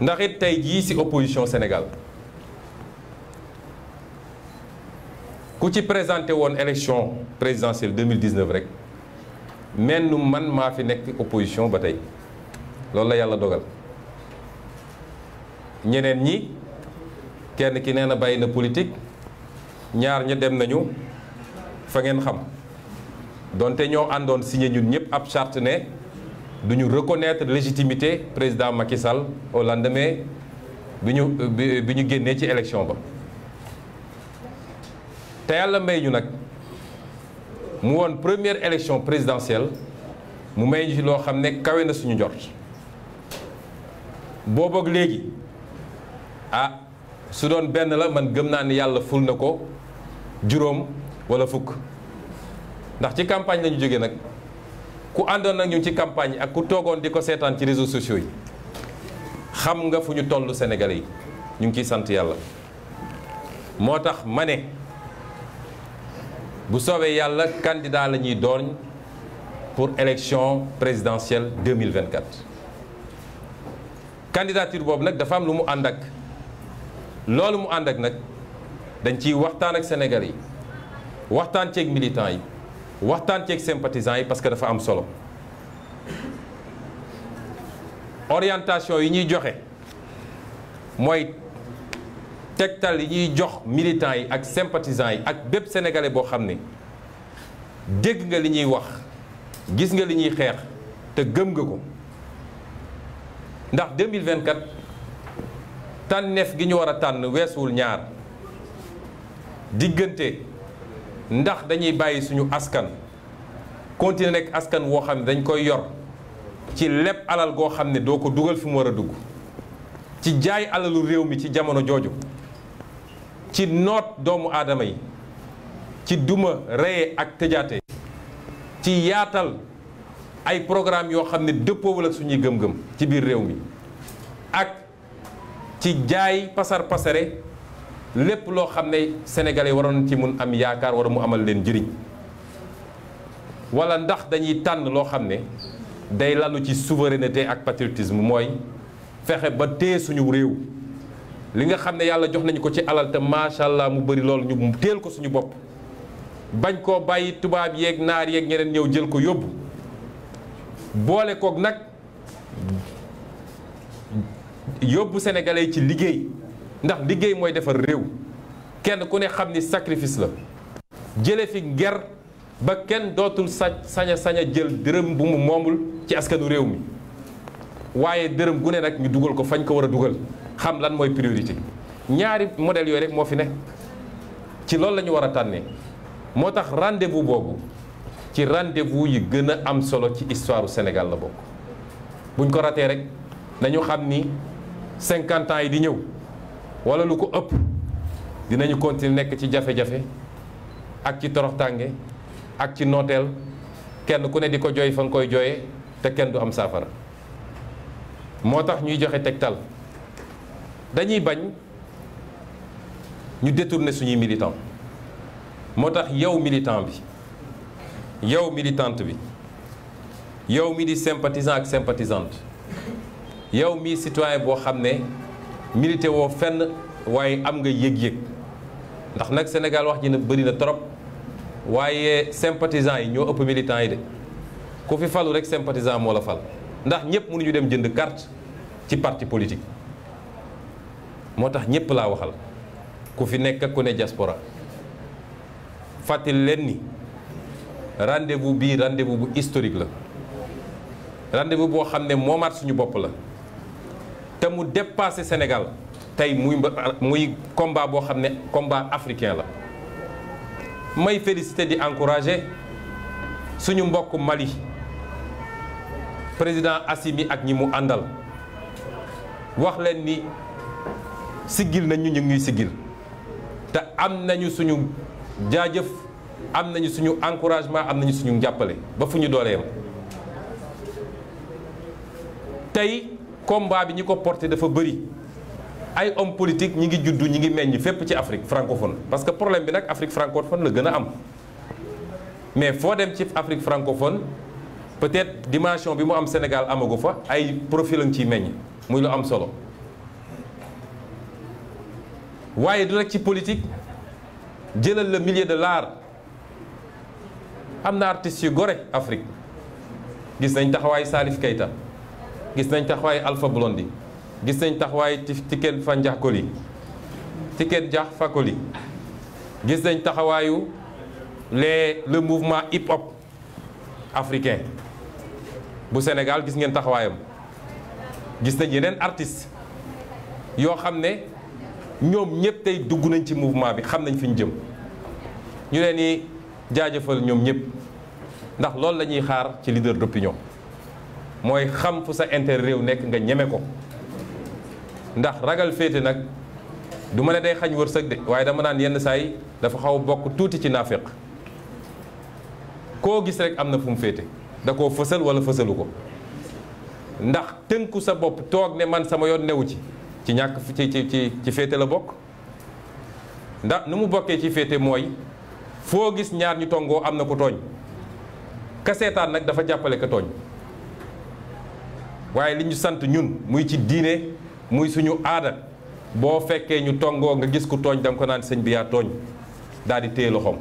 [SPEAKER 1] ndax it tey jii ci opposition Sénégal ku ci présenté woon élection présidentielle 2019 rek mel man maa fi nekk opposition ba tey loolu la yàlla dogal ñeneen ñi kenn ki nee na bàyyi na politique ñaar ña dem nañu fa ngeen xam donte ñoo àndoon signé ñun ñëpp ab charte ne du reconnaitre reconnaître légitimité président Macky Sall au lendemain bi ñu bi ñu génnee ci élection ba te yàlla may ñu nag mu woon première élection présidentielle mu may ñu loo xam ne kawe na suñu jot boobook léegi ah su doon benn la man gëm naa ni yàlla ful na ko juróom wala fukk ndax ci campagne lañu jóge nag ku àndoon nag ñu ci campagne ak ku toogoon di ko seetaan ci réseau sociaux yi xam nga fu ñu toll Sénégalais yi ñu ngi ciy sant yàlla moo tax ma ne bu soowee yàlla candidat la ñuy doon pour élection présidentielle 2024 candidature boobu nag dafa am lu mu ànd ak loolu mu ànd ak nag dañ ciy waxtaan ak Sénégalais yi waxtaan ceeg militants yi waxtaan ceeg sympathisants yi parce que dafa am solo orientation yi ñuy joxe mooy tegtal yi ñuy jox militants yi ak sympathisants yi ak bépp sénégalais boo xam ne dégg nga li ñuy wax gis nga li ñuy xeex te gëm nga ko ndax 2024 tànneef gi ñu war a tànn weesuwul ñaar diggante. ndax dañuy bàyyi suñu askan continuer nekk askan woo xam ne dañ koy yor ci lépp alal goo xam ne doo ko dugal fi mu war a dugg ci jaay alalu réew mi ci jamono jooju ci noot doomu aadama yi ci duma reye ak tëjaate ci yaatal ay programme yoo xam ne dëppoowul ak suñuy gëm-gëm ci biir réew mi ak ci jaay pasar pasare lépp loo xam ne sénégalais waroon ci mun am yaakaar wara mu amal leen njëriñ wala ndax dañuy tànn loo xam ne day lalu ci souveraineté ak patriotisme mooy fexe ba tee suñu réew li nga xam ne yàlla jox nañu ko ci alal te macha allah mu bari loolu ñu teel ko suñu bopp bañ koo bàyyi tubaab yeeg naar yeeg ñeneen ñëw jël ko yóbbu boole kook nag yóbbu yi ci liggéey. ndax liggéey mooy defar réew kenn ku ne xam ni sacrifice la jële fi nger ba kenn dootul sañ saña saña jël dërëm bu mu moomul ci askanu réew mi waaye dërëm gu ne nag ñu dugal ko fañ ko war a dugal xam lan mooy priorité ñaari modèle yooyu rek moo fi ne ci loolu lañu war a tànnee moo tax rendez-vous boobu ci rendez-vous yi gën a am solo ci histoire Sénégal la bokk buñ ko ratee rek nañu xam ni cinquante ans yi di ñëw wala lu ko ëpp dinañu continuer nekk ci jafe-jafe ak ci toroxtànge ak ci nooteel kenn ku ne di ko jooy fa nga koy jooyee te kenn du am saafara moo tax ñuy joxe tegtal dañuy bañ ñu ne suñuy militant moo tax yow militant bi yow militante bi yow mi di sympathisant ak sympathisante yow mi citoyen boo xam ne milité woo fenn waaye am nga yëg-yëg ndax nag Sénégal wax ji na bëri na trop waaye sympathisants yi ñoo ëpp militants yi de ku fi falu rek sympathisant moo la fal ndax ñëpp ñu dem jënd carte ci parti politique moo tax ñëpp laa waxal ku fi nekk ak ku ne diaspora fàttali leen ni rendez-vous bii rendez-vous bu historique la rendez-vous boo xam ne moomaat suñu bopp la te mu dépassé Sénégal tey muy muy combat boo xam ne combat africain la may félicité di encouragé suñu mbokk Mali président Assimi ak ñi mu àndal wax leen ni siggil nañ ñu ñu ngi siggil te am nañu suñu jaajëf am nañu suñu encouragement am nañu suñu jàppale ba fu ñu dooleem combat bi ñi ko porté dafa bëri ay homme politique ñi ngi juddu ñi ngi meññ fépp ci Afrique francophone parce que problème bi nag Afrique francophone la gën a am mais foo dem ci Afrique francophone peut-être dimension bi mu am Sénégal amagu fa ay profil lañ ciy meññ muy lu am solo waaye du rek ci politique jëlal la millier de laar am na artistes yu gore Afrique gis nañ taxawaay Salif Keita gis nañ taxawaay Alpha Blondy gis nañ taxawaay Tiken Fanja Koli Tiken Jah Fakoly gis nañ taxawaayu les le mouvement hip hop africain bu Sénégal gis ngeen taxawaayam gis nañ yeneen artistes yoo xam ne ñoom ñëpp tey dugg nañ ci mouvement bi xam nañ fi ñu jëm ñu leen di jaajëfal ñoom ñëpp ndax loolu la ñuy xaar ci lider leader d'opinion mooy xam fu sa intérêt réew nekk nga ñeme ko ndax ragal féete nag du ma ne day xañ wërsëg de waaye dama naan yenn saay dafa xaw bokk tuuti ci naafiq koo gis rek am na fu mu féete da koo fësal wala fësalu ko ndax tënku sa bopp toog ne man sama yoon newu ci ci ñàkk ci ci ci ci féete la bokk ndax nu mu bokkee ci féete mooy foo gis ñaar ñu tongoo am na ku tooñ ka seetaan nag dafa jàppale ko tooñ waaye li ñu sant ñun muy ci diine muy suñu aada boo fekkee ñu tongoo nga gis ku tooñ danga ko naan sëñ bi yaa tooñ daal di téye loxoom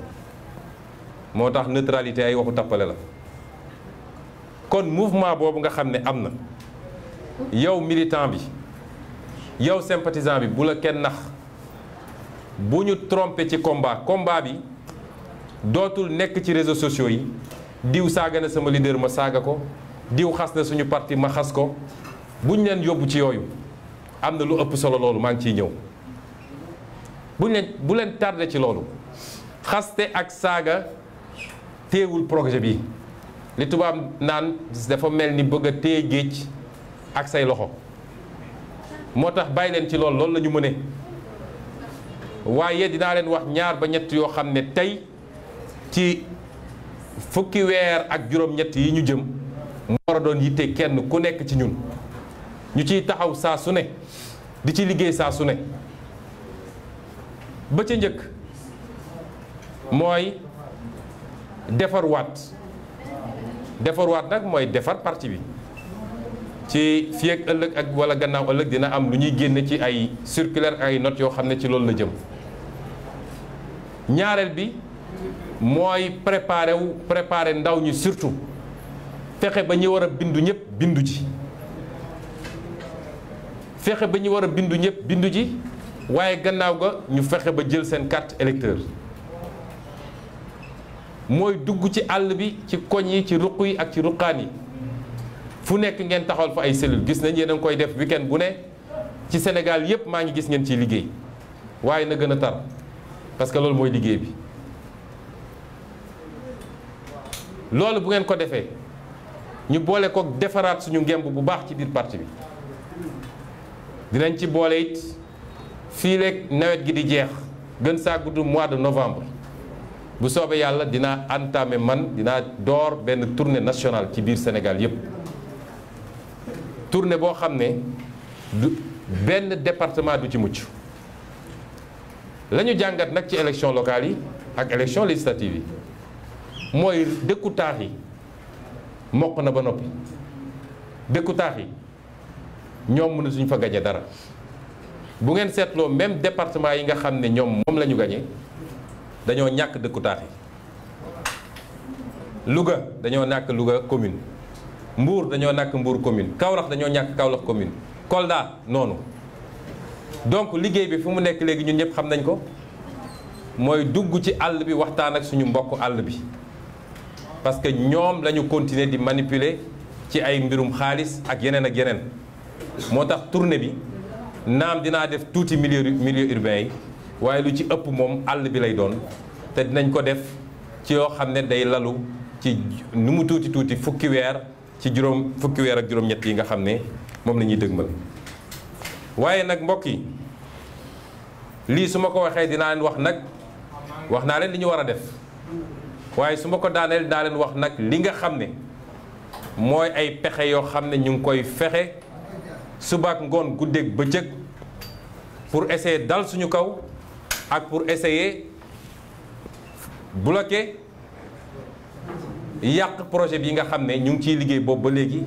[SPEAKER 1] moo tax neutralité ay waxu tappale la kon mouvement boobu nga xam ne am na yow militant bi yow sympathisant bi bu la kenn nax bu ñu trompé ci combat komba bi dootul nekk ci réseau sociaux yi diw saaga na sama leader ma saaga ko diw xas na suñu parti ma xas ko buñ leen yóbbu ci yooyu am na lu ëpp solo loolu maa ngi ciy ñëw buñ leen bu leen tardé ci loolu xaste ak saaga téewul projet bi li tubaab naan dafa mel ni bëgg a téye géej ak say loxo moo tax bàyyi leen ci lool loolu lañu ñu mëne waaye dinaa leen wax ñaar ba ñett yoo xam ne tey ci fukki weer ak juróom-ñett yi ñu jëm mu war a doon yitte kenn ku nekk ci ñun ñu ciy taxaw saa su ne di ci liggéey saa su ne ba ca njëkk mooy defarwaat defarwaat nag mooy defar parti bi ci fii ëllëg ak wala gannaaw ëllëg dina am lu ñuy génne ci ay circulaire ay notes yoo xam ne ci loolu la jëm ñaareel bi mooy préparer wu préparer ndaw ñi surtout fexe ba ñu war a bindu ñëpp bindu ji fexe ba ñu war a bindu ñëpp bindu ji waaye gannaaw ga ñu fexe ba jël seen carte électeur mooy dugg ci àll bi ci koñ yi ci ruq yi ak ci ruqaan yi fu nekk ngeen taxawal fa ay cellule gis nañ yéen a ngi koy def weekend bu ne ci Sénégal yépp maa ngi gis ngeen ciy liggéey waaye na gën a tar parce que loolu mooy liggéey bi loolu bu ngeen ko defee ñu boole kook defaraat suñu ngemb bu baax ci biir parti bi dinañ ci boole it fii leeg nawet gi di jeex gën saa gudd mois de novembre bu soobee yàlla dinaa entamé man dinaa door benn tournée nationale ci biir Sénégal yépp tournée boo xam ne du benn département du ci mucc lañu jàngat nag ci élection locale yi ak élection législative yi mooy dëkku taax yi mokk na ba noppi dëkku yi ñoom mënu suñ fa gañe dara bu ngeen seetloo même département yi nga xam ne ñoom moom lañu ñu dañoo ñàkk dëkku taax yi Louga dañoo nàkk Louga commune Mbour dañoo nàkk mbuur commune Kaolack dañoo ñàkk Kaolack commune Kolda noonu donc liggéey bi fu mu nekk léegi ñun ñëpp xam nañ ko mooy dugg ci àll bi waxtaan ak suñu mbokk àll bi parce que ñoom lañu ñu di manipuler ci ay mbirum xaalis ak yeneen ak yeneen moo tax tournée bi naam dinaa def tuuti milieu milieu urbain yi waaye lu ci ëpp moom àll bi lay doon te dinañ ko def ci yoo xam ne day lalu ci nu mu tuuti tuuti fukki weer ci juróom fukki weer ak juróom-ñett yi nga xam ne moom lañuy ñuy dëgmal waaye nag mbokk yi lii su ma ko waxee dinaa leen wax nag wax naa leen li ñu war a def. waaye su ma ko daaneel daa leen wax nag li nga xam ne mooy ay pexe yoo xam ne ñu ngi koy fexe subaak ngoon guddeeg bëccëg pour essayer dal suñu kaw ak pour essayer bloquer yàq projet bi nga xam ne ñu ngi ciy liggéey boobu ba léegi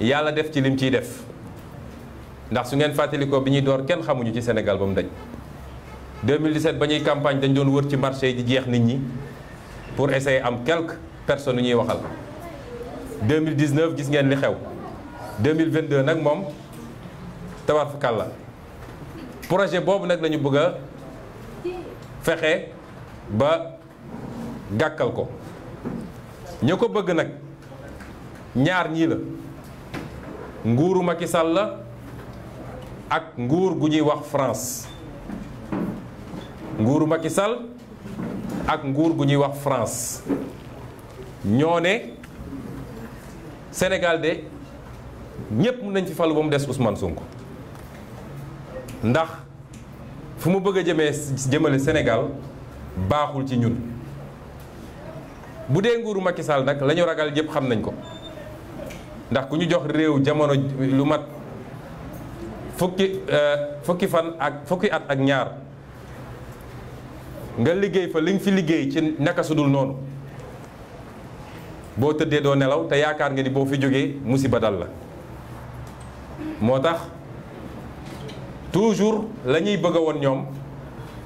[SPEAKER 1] yàlla def ci lim ciy def ndax su ngeen fàttalikoo bi ñuy door kenn xamuñu ci senegal ba mu daj 2017 ba ñuy campagne dañ doon wër ci marché yi di jeex nit ñi pour essayer am quelques personne ñuy waxal 2019 gis ngeen li xew 2022 nag moom tabarfakal la projet boobu nag lañu bëgg a fexe ba gàkkal ko ña ko bëgg nag ñaar ñii la nguuru Macky Sall la ak nguur gu ñuy wax France nguuru Macky Sall ak nguur gu ñuy wax France ñoo ne Sénégal de ñépp mën nañ fi falu ba mu des Ousmane Sonko ndax fu mu bëgg a jëmee jëmale senegal baaxul ci ñun bu dee nguuru Macky Sall nag lañu ragal yëpp xam nañ ko ndax ku ñu jox réew jamono lu mat fukki euh, fukki fan ak fukki at ak ñaar nga liggéey fa li nga fi liggéey ci naka sudul noonu boo tëddee doo nelaw te yaakaar nga ni boo fi jógee musiba dal la moo tax toujours la ñuy bëgg woon ñoom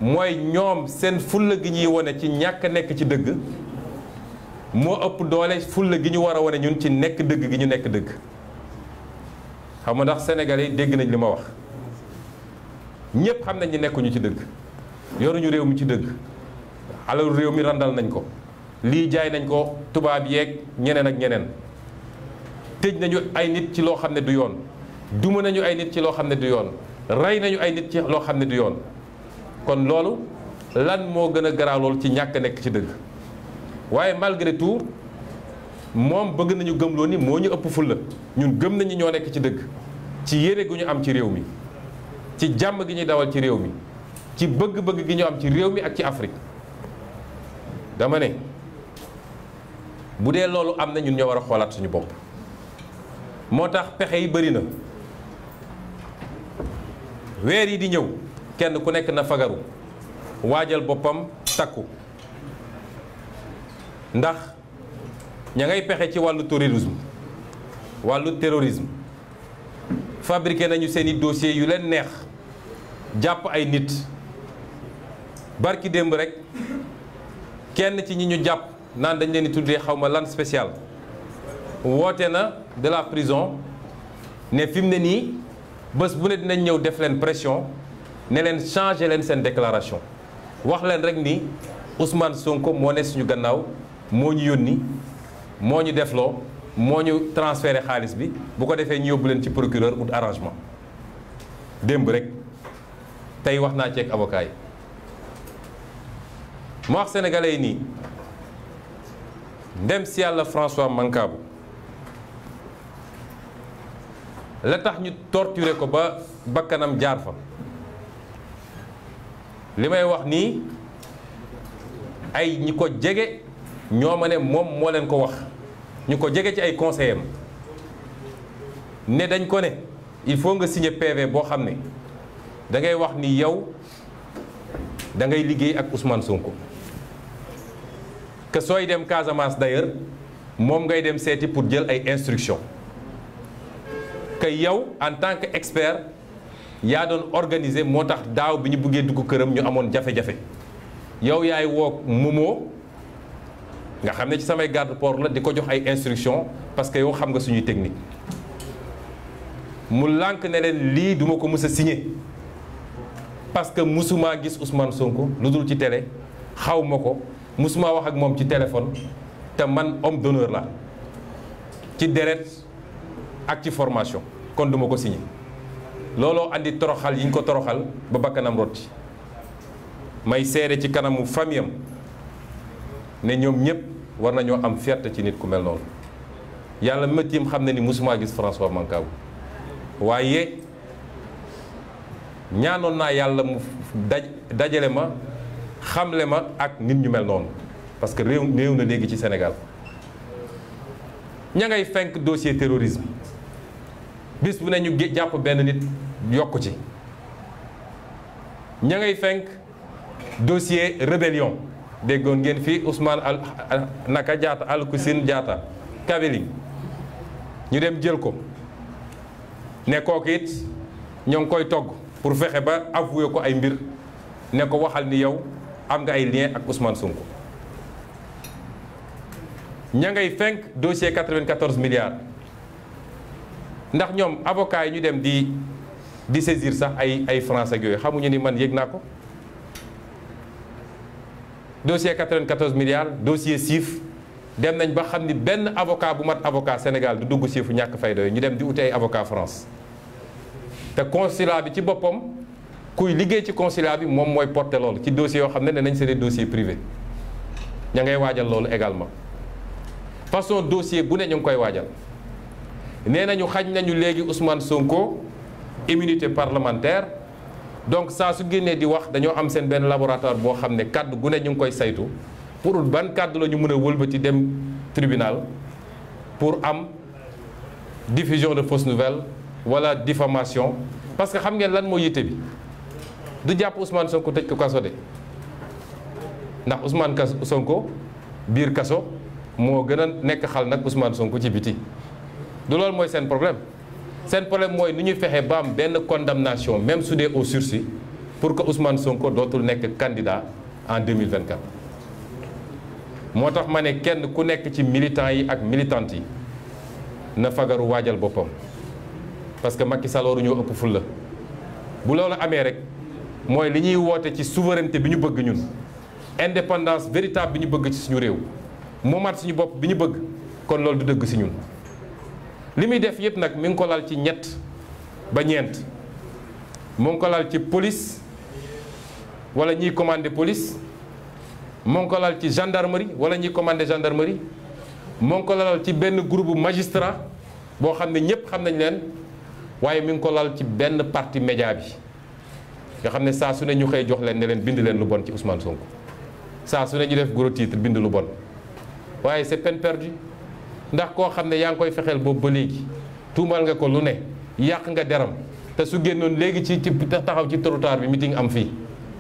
[SPEAKER 1] mooy ñoom seen fulla gi ñuy wane ci ñàkk nekk ci dëgg moo ëpp doole fulla gi ñu war a wane ñun ci nekk dëgg gi ñu nekk dëgg xam nga ndax sénégalais yi dégg nañ li ma wax ñépp xam nañ ñu nekkuñu ci dëgg yoruñu réew mi ci dëgg alalu réew mi randal nañ ko lii jaay nañ ko tubaab yeeg ñeneen ak ñeneen tëj nañu ay nit ci loo xam ne du yoon duma nañu ay nit ci loo xam ne du yoon nañu ay nit loo xam ne du yoon kon loolu lan moo gën a garaaw ci ñàkk nekk ci dëgg waaye malgré tout moom bëgg nañu gëmloo ni moo ñu ëpp fulla ñun gëm nañu ñoo nekk ci dëgg ci yére gu ñu am ci réew mi ci jàmm gi ñuy dawal ci réew mi ci bëgg-bëgg gi ñu am ci réew mi ak ci Afrique dama ne bu dee loolu am na ñun ñoo war a xoolaat suñu bopp moo tax pexe yi bëri na weer yi di ñëw kenn ku nekk na fagaru waajal boppam takku ndax ña ngay pexe ci wàllu terrorisme wàllu terrorisme fabriqué nañu seeni dossier yu leen neex jàpp ay nit barki démb rek kenn ci ñi ñu jàpp naan dañ leen di tuddee xawma ma lan woote na de la prison ne fi mu ne nii bés bu ne dinañ ñëw def leen pression ne leen changer leen seen déclaration wax leen rek ni Ousmane Sonko moo ne suñu gannaaw moo ñu yónni moo ñu defloo moo ñu transféré xaalis bi bu ko defee ñu yóbbu leen ci procureur ou arrangement démb rek tey wax naa ci ak ma wax sénégalais nii ndem si yàlla François Mancabou la tax ñu torturer ko ba bakkanam jaar fa li may wax nii ay ñi ko jege ñoo ma ne moom moo leen ko wax ñu ko jege ci ay conseillers ne dañ ko ne il faut nga signer PV boo xam ne da ngay wax ni yow da ngay liggéey ak Ousmane Sonko. que sooy dem Casamance d'ailleurs moom ngay dem seeti pour jël ay instructions kay yow en tant que expert yaa doon organiser moo tax daaw bi ñu buggee dugg këram ñu amoon jafe-jafe yow yaay woog Momo nga xam ne ci samay garde port la di ko jox ay instructions parce que yow xam nga suñuy technique mu lànk ne leen lii duma ko mës a signé parce que mësumaa gis Ousmane Sonko lu dul ci télé xaw ma ko. musuma wax ak moom ci téléphone te man homme d'honneur la ci deret ak ci formation kon duma ko signé looloo andi toroxal yi ñu ko toroxal ba bakkanam rotti may seere ci kanamu famille am ne ñoom ñëpp war nañoo am fierté ci nit ku mel noonu yàlla ma tiim xam ne ni musuma gis François Mancabou waaye ñaanoon naa yàlla mu daj dajale ma xamle ma ak nit ñu mel noonu parce que réew néew na léegi ci senegal ña ngay fenk dossier terrorisme bis bu ne ñu jàpp benn nit yokk ci ña ngay fenk dossier rébellion déggoon ngeen fii Ousmane al naka Diatta Alcoussine jaata Kabeli ñu dem jël ko ne kooku ñoo ngi koy togg pour fexe ba avoué ko ay mbir ne ko waxal ni yow am nga ay lien ak Ousmane Sonko ña ngay fenk dossier 94 milliards ndax ñoom avocat yi ñu dem di di saisir sax ay ay francs ak yooyu xamuñu ni man yéeg naa ko dossier 94 milliards dossier siif dem nañ ba xam ni benn avocat bu mat avocat Sénégal du dugg siifu ñàkk fayda ñu dem di uti ay avocat France te consulat bi ci boppam kuy liggéey ci consulat bi moom mooy porter loolu ci dossiers yoo xam ne ne nañ c'est des dossiers privés ña ngay waajal loolu également façon dossier bu ne ñu ngi koy waajal nee nañu xaj nañu léegi Ousmane Sonko immunité parlementaire donc saa su génnee di wax dañoo am seen benn laboratoire boo xam ne kàddu gu ne ñu ngi koy saytu pour ban kàddu la ñu mën a wëlbati dem tribunal pour am diffusion de fausses nouvelles wala diffamation parce que xam ngeen lan moo yitte bi du jàpp Ousmane Sonko tëj ko kaso de ndax Ousmane Sonko biir kaso moo gën a nekk xal nag Ousmane Sonko ci biti du loolu mooy seen problème seen problème mooy nu ñuy fexe ba am benn condamnation même su dee au sursis pour que Ousmane Sonko dootul nekk candidat en 2024 moo tax ma ne kenn ku nekk ci militants yi ak militantes yi na fagaru waajal boppam parce que Macky Sall waruñoo ëpp fulla bu loolu amee rek mooy li ñuy woote ci souveraineté bi ñu bëgg ñun indépendance véritable bi ñu bëgg ci suñu réew moomaat suñu bopp bi ñu bëgg kon loolu du dëgg si ñun li muy def yëpp nag mi ngi ko lal ci ñett ba ñeent mu ngi ko lal ci police wala ñiy commandé police mu ngi ko lal ci gendarmerie wala ñiy commandé gendarmerie mu ngi ko lal ci benn groupe magistrat boo xam ne ñëpp xam nañ leen waaye mi ngi ko lal ci benn parti média bi nga xam ne saa su ne ñu xëy jox leen ne leen bind leen lu bon ci Ousmane Sonko saa su ne ñu def gros titre bind lu bon waaye c'est peine ndax koo xam ne yaa ngi koy fexeel boobu ba léegi tuumal nga ko lu ne yàq nga deram te su génnoon léegi ci ci taxaw ci trottoir bi meeting am fii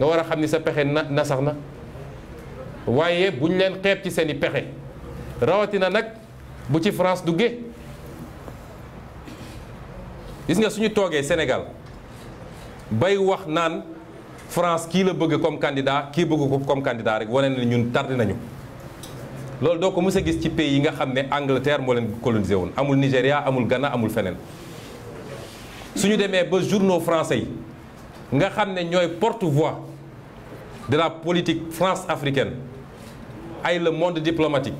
[SPEAKER 1] nga war a xam ni sa pexe na na sax na waaye buñ leen xeeb ci seen i pexe rawatina nag bu ci France duggee gis nga suñu toogee Sénégal. bay wax naan France kii la bëgg comme candidat kii bëgg ko comme candidat rek wane na ñun tardé nañu. loolu doo ko mës gis ci pays yi nga xam ne Angleterre moo leen colonisé woon amul Nigéria amul Ghana amul feneen suñu demee ba journaux français yi nga xam ne ñooy porte-voix de la politique France-africaine ay le monde diplomatique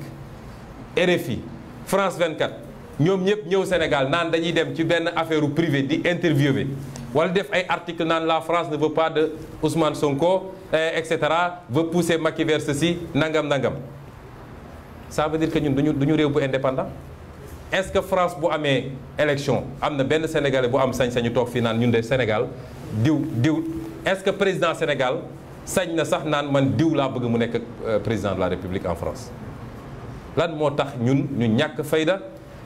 [SPEAKER 1] RFI France 24 ñoom ñëpp ñëw Sénégal naan dañuy dem ci benn affaire privé di interviewé wala def ay article naan la France ne veut pas de Ousmane Sonko eh, et cetera veut pousser Macky vers ceci nangam nangam ça veut dire que ñun duñu duñu réew bu indépendant est-ce que France bu amee élection am na benn sénégalais bu am sañ-sañu toog fii naan ñun de Sénégal diw diw est-ce que président Sénégal sañ na sax naan man diw laa bëgg mu nekk euh, président de la République en France lan moo tax ñun ñu ñàkk fayda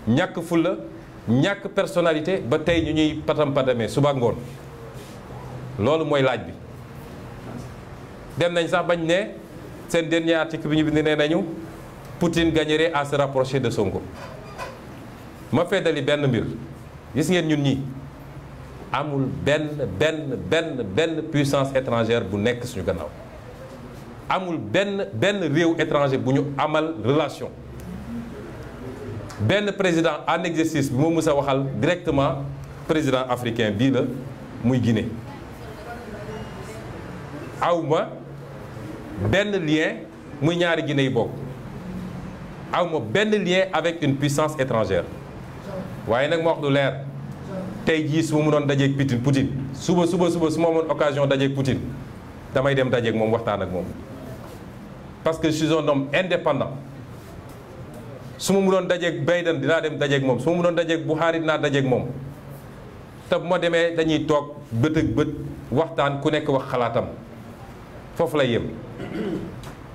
[SPEAKER 1] ñàkk fulla ñàkk personnalité ba tey ñu ñuy patam patamee suba ngoon loolu mooy laaj bi dem nañ sax bañ ne seen dernier article bi ñu bind nee nañu Poutine gagnerait à se rapprocher de Sonko ma feddali benn mbir gis ngeen ñun ñi amul benn benn benn benn puissance étrangère bu nekk suñu gannaaw amul benn benn réew étranger bu ñu amal relation benn président en exercice bi moo mës a waxal directement président africain bii la muy Guinée awma benn lien muy ñaari Guinée yi bokk awma benn lien avec une puissance étrangère waaye nag ma wax lu leer tey jii su mu mënoon dajeeg Poutine Poutine suba suba suba su ma amoon occasion dajeeg Poutine damay dem dajeeg moom waxtaan ak moom parce que je suis homme indépendant su ma mu doon dajeeg Biden dinaa dem dajeeg moom su ma mu doon dajeeg Buhari dinaa dajeeg moom te bu ma demee dañuy toog bët ak bët waxtaan ku nekk wax xalaatam foofu la yem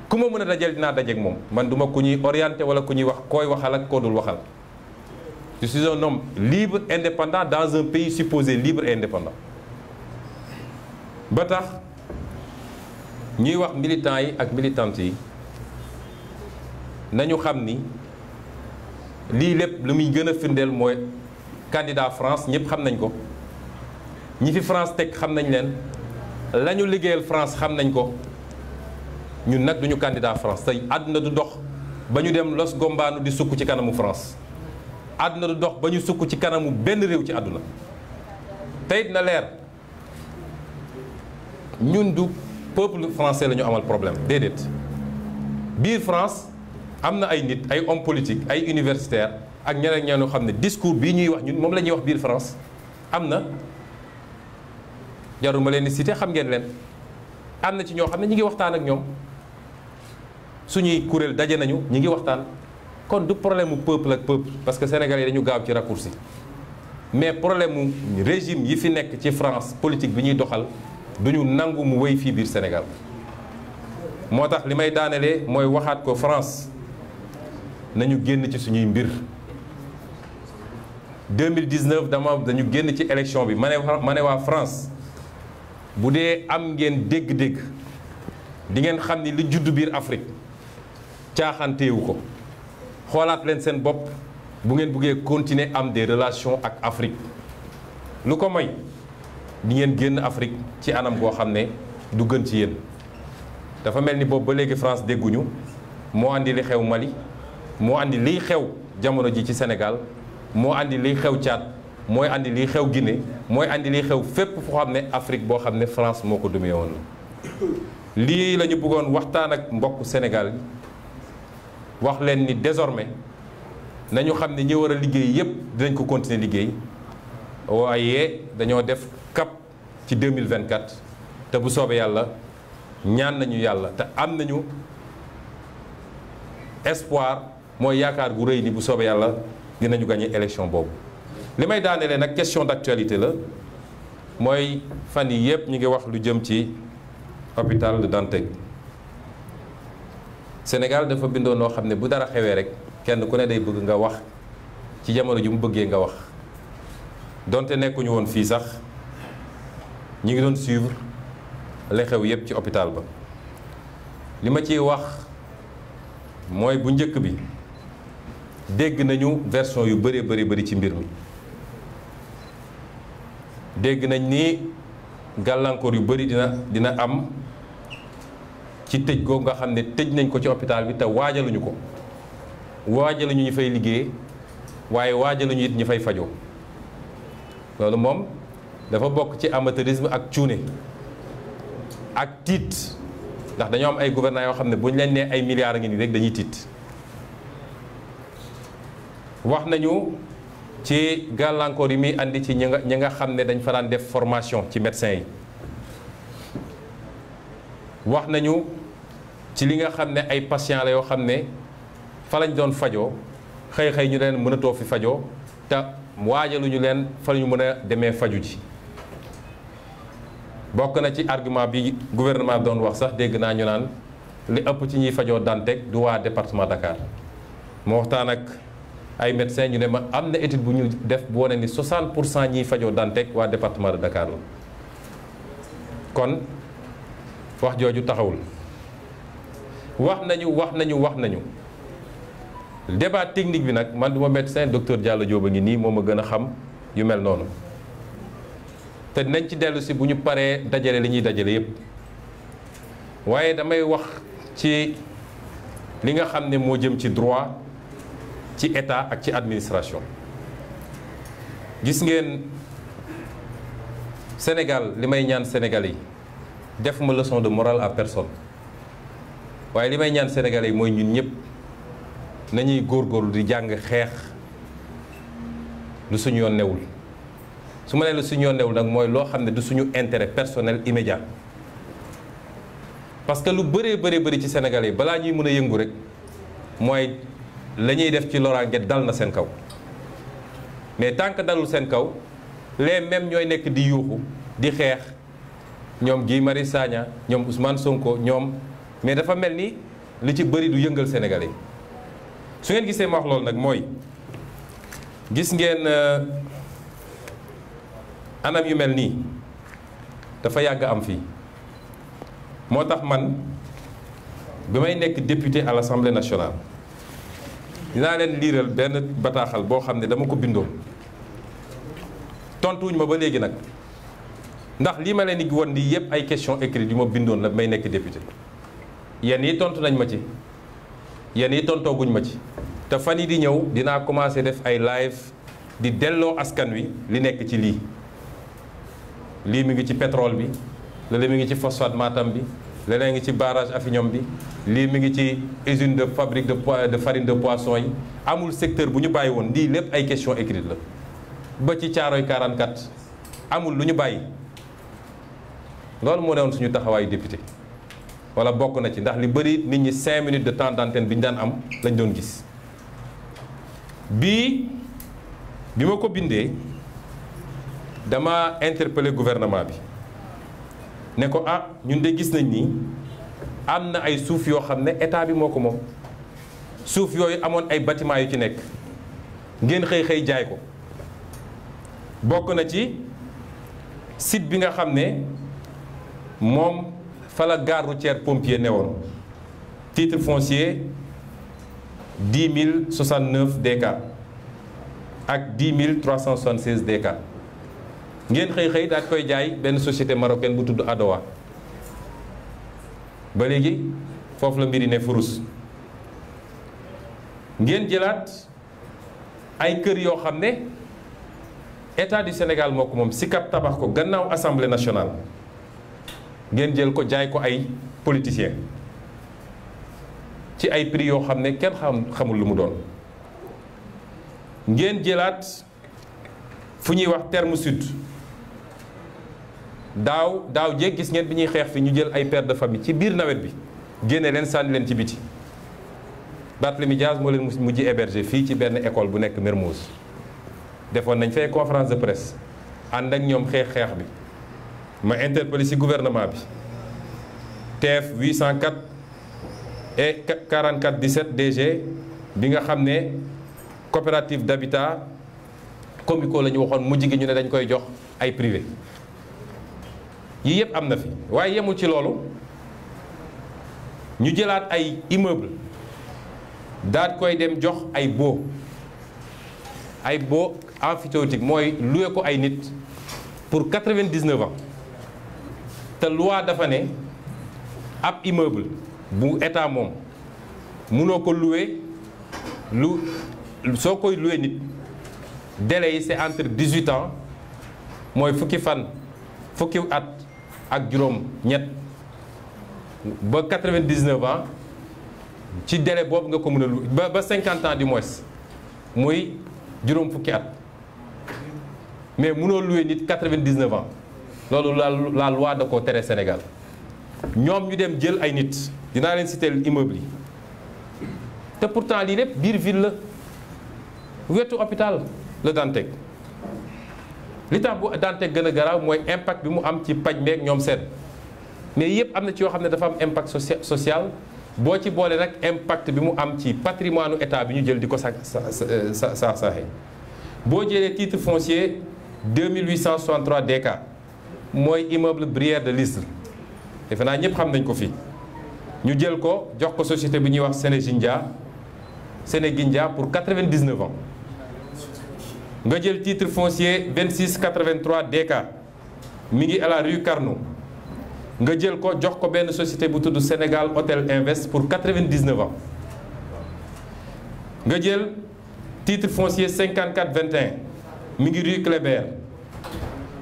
[SPEAKER 1] ku ma mën a dajeel dinaa dajeeg moom man duma ku ñuy orienté wala ku ñuy wax kooy waxal ak koo dul waxal je suis un homme libre indépendant dans un pays supposé libre et ba tax ñuy wax militants yi ak militantes yi nañu xam ni lii lépp lu muy gën a firndeel mooy candidat France ñëpp xam nañ ko ñi fi France teg xam nañ leen la ñu liggéeyal France xam nañ ko ñun nag duñu candidat France tey àdduna du dox ba ñu dem los gombaanu di sukk ci kanamu France àdduna du dox ba ñu sukk ci kanamu benn réew ci àdduna teyit na leer ñun du peuple français la ñu amal problème déedéet biir France am na ay nit ay homme politique ay universitaire ak ñeneen ñoo xam ne discours bii ñuy wax ñun moom la ñuy wax biir France am na jarul ma leen di cité xam ngeen leen am na ci ñoo xam ne ñu ngi waxtaan ak ñoom suñuy kuréel daje nañu ñu ngi waxtaan kon du problème mu peuple ak peuple parce que sénégal yi dañu gaaw ci raccourci mais problème mu régime yi fi nekk ci France politique bi ñuy doxal duñu nangu mu woy fii biir Sénégal moo tax li may daanelee mooy waxaat ko France. nañu génn ci suñuy mbir 2019 dama dañu génn ci élection bi ma ne ma ne waa France bu dee am ngeen dégg-dégg di ngeen xam ni lu juddu biir Afrique caaxantewu ko xoolaat leen seen bopp bu ngeen buggee continuer am des relation ak Afrique lu ko may di ngeen génn Afrique ci anam goo xam ne du gën ci yéen dafa mel ni boobu ba léegi France dégguñu moo andi li xew Mali moo andi liy xew jamono ji ci senegal moo indi liy xew Tchad mooy indi liy xew Guinée mooy indi liy xew fépp foo xam ne Afrique boo xam ne France moo ko dumee woon lii lañu bëggoon waxtaan ak mbokk senegal wax leen ni desorme nañu xam ne ñi war a liggéey yépp dinañ ko continuer liggéey waaye dañoo def kap ci 2024 te bu soobee yàlla ñaan nañu yàlla te am nañu espoir mooy yaakaar gu rëy ni bu soobee yàlla dinañu gagné élection boobu. li may daanelee nag question d'actualité la mooy fan yi yëpp ñu ngi wax lu jëm ci hôpital de Dantec Sénégal dafa bindoo noo xam ne bu dara xewee rek kenn ku ne day bëgg nga wax ci jamono ji mu bëggee nga wax donte nekkuñu woon fii sax ñu ngi doon suivre li xew yëpp ci hôpital ba li ma ciy wax mooy bu njëkk bi. dégg nañu version yu bëree bëri bari ci mbir mi dégg nañ ni gàllankoor yu bari dina dina am ci tëj googu nga xam ne tëj nañ ko ci hôpital bi te waajaluñu ko waajaluñu ñu fay liggéey waaye waajaluñu it ñu fay fajoo loolu moom dafa bokk ci amateurisme ak cuune ak tiit ndax dañoo am ay gouvernants yoo xam ne bu ñu leen nee ay milliards a ngi nii rek dañuy tiit wax nañu ci gàllankoor yi muy indi ci ñi nga ñi nga xam ne dañ fanaan def formation ci médecin yi wax nañu ci li nga xam ne ay patient la yoo xam ne fa lañ doon fajoo xëy xëy ñu leen mënatoo fi fajoo te waajaluñu leen fa lañu mën a demee faju ji bokk na ci argument bi gouvernement doon wax sax dégg naa ñu naan li ëpp ci ñuy fajoo Dantec du waa département Dakar moo waxtaan ak ay médecin ñu ne ma am na étude bu ñu def boo wane ni 60 pour cent ñiy fajoo Dantec waa département de Dakar la kon wax jooju taxawul wax nañu wax nañu wax nañu débat technique bi nag man du ma médecin docteur Diallo Diop a ngi nii moom a gën a xam yu mel noonu te nañ ci dellusi bu ñu paree dajale li ñuy dajale yépp waaye damay wax ci li nga xam ne moo jëm ci droit ci état ak ci administration gis ngeen Sénégal li may ñaan Sénégalais yi def ma leçon de morale à personne waaye li may ñaan Sénégalais yi mooy ñun ñëpp nañuy góor góorgóorlu di jàng xeex lu suñu yoon newul su ma nee lu suñu yoon newul nag mooy loo xam ne du suñu intérêt personnel immédiat parce que lu bëree bëri bëri ci Sénégalais yi balaa ñuy mën a yëngu rek mooy la ñuy def ci loraange dal na seen kaw mais tant que dalul seen kaw les mêmes ñooy nekk di yuuxu di xeex ñoom Guy Marius ñoom Ousmane Sonko ñoom mais dafa mel ni li ci bëri du yëngal Sénégalais su ngeen gisee ma wax loolu nag mooy gis ngeen euh, anam yu mel nii dafa yàgg am fii moo tax man bi may nekk député à l'Assemblée nationale. dinaa leen liiral benn bataaxal boo xam ne dama ko bindoon tontuwuñ ma ba léegi nag ndax lii ma leen di won nii yëpp ay question écrite yu ma bindoon la may nekk député yenn yi tontu nañ ma ci yenn yi tontooguñ ma ci te fan yi di ñëw dinaa commencé def ay live di delloo askan wi li nekk ci lii lii mi ngi ci pétrole bi lale mi ngi ci phosphate Matam bi leneen ngi ci barrage Affiniam bi lii mi ngi ci usine de fabrique de de farine de poisson yi amul secteur bu ñu bàyyi woon lii lépp ay question écrite la ba ci caaroy 44 amul lu ñu bàyyi loolu moo newoon suñu taxawaayu député wala bokk na ci ndax li bëri nit ñi cinq minutes de temps d'antenne bi ñu daan am lañ doon gis bii bi ma ko bindee dama interpellé gouvernement bi ne ko ah ñun de gis nañ ni am na ay suuf yoo xam ne état bi moo ko moom suuf yooyu amoon ay bâtiment yu ci nekk ngeen xëy xëy jaay ko bokk na ci site bi nga xam ne moom fa la gare routière pompier newoon titre foncier 10 069 DK ak 10 376 DK ngeen xëy xëy daal koy jaay benn société marocaine bu tudd Adowa ba léegi foofu la mbiri ne furus ngeen jëlaat ay kër yoo xam ne état du Sénégal moo moom sikap tabax ko gannaaw assemblée nationale ngeen jël ko jaay ko ay politiciens ci ay prix yoo xam ne kenn xamul lu mu doon ngeen jëlaat fu ñuy wax terme sud daaw daaw jéeg gis ngeen bi ñuy xeex fi ñu jël ay pères de famille ci biir nawet bi génne leen sànni leen ci biti Barthélemy Diaz moo leen mujj héberger fii ci benn école bu nekk Mermoz defoon nañ fay conférence de presse ànd ak ñoom xeex xeex bi ma interpellé ci gouvernement bi TF 804 et 44 17 DG bi nga xam ne coopérative d'habitat comico la ñu waxoon mujj gi ñu ne dañ koy jox ay privé yii yëpp am na fi waaye yemul ci loolu ñu jëlaat ay immeuble daat koy dem jox ay baux ay baux emphytéotique mooy loué ko ay nit pour 99 ans te loi dafa ne ab immeuble bu état moom munoo ko loué lu soo koy loué nit délai yi c'est entre 18 ans mooy fukki fan fukki at ak juróom ñett ba 99 ans ci délai boobu nga ko mën a lu ba ba ans du moins muy juróom fukki at mais mënoo loué nit 99 ans loolu la la loi da koo tere Sénégal ñoom ñu dem jël ay nit dinaa leen citer immeuble yi te pourtant lii lépp biir ville la wetu hôpital la Dantec li tax bu dante gën a garaaw mooy impact bi mu am ci paj meeg ñoom seen mais yëpp am na ci yoo xam ne dafa am impact social boo ci boolee nag impact bi mu am ci patrimoine u état bi ñu jël di ko sa sa sa saaxee boo jëlee titre foncier 2863 DK mooy immeuble Brière de listre defe naa ñëpp xam nañ ko fi ñu jël ko jox ko société bi ñuy wax Sénégindia Sénégindia pour 99 ans nga jël titre foncier 26 83 DK mi ngi à la rue Carnot nga jël ko jox ko benn société bu tudd Sénégal Hôtel Invest pour 99 ans nga jël titre foncier 54 21 mi ngi rue Clébert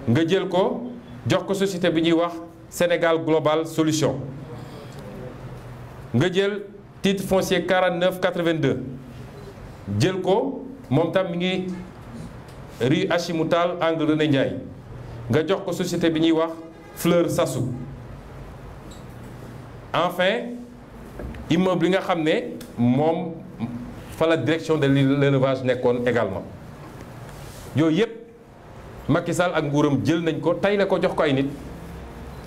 [SPEAKER 1] nga jël ko jox ko société bi ñuy wax Sénégal Global Solution nga jël titre foncier 49 82 jël ko moom tam mi ngi. rue Hachimou Tall angle René Ndiaye nga jox ko société bi ñuy wax Fleur Sassou enfin immeuble li nga xam ne moom fa la direction de l'élevage nekkoon également yooyu yëpp Macky Sall ak nguuram jël nañ ko tey la ko jox ko ay nit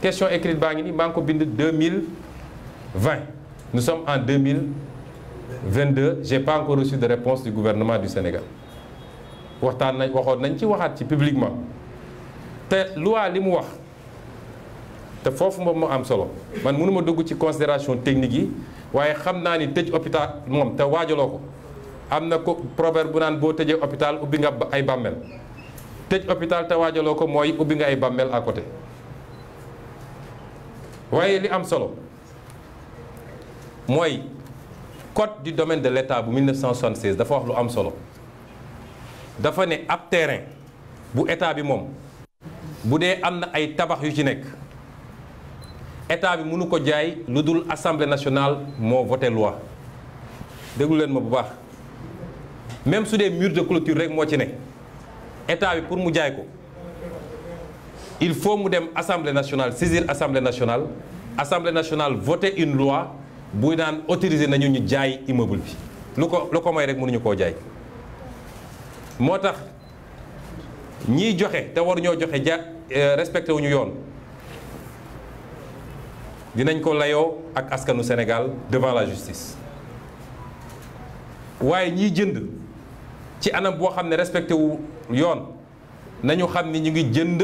[SPEAKER 1] question écrite baa ngi ni maa ngi ko bind vingt nous sommes en 2022 j'ai pas encore reçu de réponse du gouvernement du Sénégal waxtaan nañ waxoon nañ ci waxaat ci publiquement te loi li mu wax te foofu moom moo am solo man mënuma dugg ci considération technique yi waaye xam naa ni tëj hôpital moom te waajaloo ko am na ko proverbe bu naan boo tëjee hôpital ubbi nga ay bàmmeel tëj hôpital te waajaloo ko mooy ubbi nga ay bàmmeel à côté waaye li am solo mooy code du domaine de l'État bu 1976 dafa wax lu am solo dafa ne ab terrain bu état bi moom bu dee am na ay tabax yu ci nekk état bi mënu ko jaay lu dul assemblée nationale moo voté loi déglu leen ma bu baax même su dee mur de clôture rek moo ci ne état bi pour mu jaay ko il faut mu dem assemblée nationale saisir assemblée nationale assemblée nationale voté une loi buy daan autorisé nañu ñu jaay immeuble bi lu ko lu ko may rek mënuñu koo jaay. moo tax ñiy joxe te waruñoo joxe ja euh, respecté wuñu yoon dinañ ko layoo ak askanu Sénégal devant la justice waaye ñi jënd ci anam boo xam ne respecté wu yoon nañu xam ni ñu ngi jënd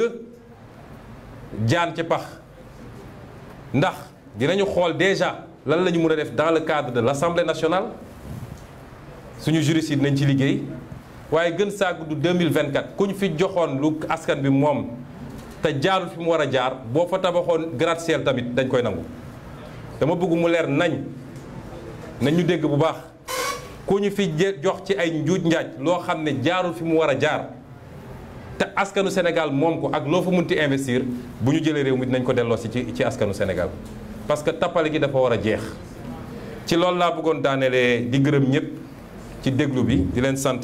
[SPEAKER 1] jaan ci pax ndax dinañu xool déjà lan la mun a def dans le cadre de l'Assemblée nationale suñu juriste yi dinañ ci liggéey waaye gën saa gudd 2024 ku ñu fi joxoon lu askan bi moom te jaarul fi mu war a jaar boo fa tabaxoon gratte-ciel tamit dañ koy nangu dama bëgg mu leer nañ nañu dégg bu baax ku ñu fi jox ci ay njuuj njaaj loo xam ne jaarul fi mu war a jaar te askanu Sénégal moom ko ak loo fa munti investir bu ñu jëlee réew mi dinañ ko delloo si ci ci askanu senegal parce que tappale gi dafa war a jeex ci loolu laa bëggoon daanelee di gërëm ñëpp ci déglu bi di leen sant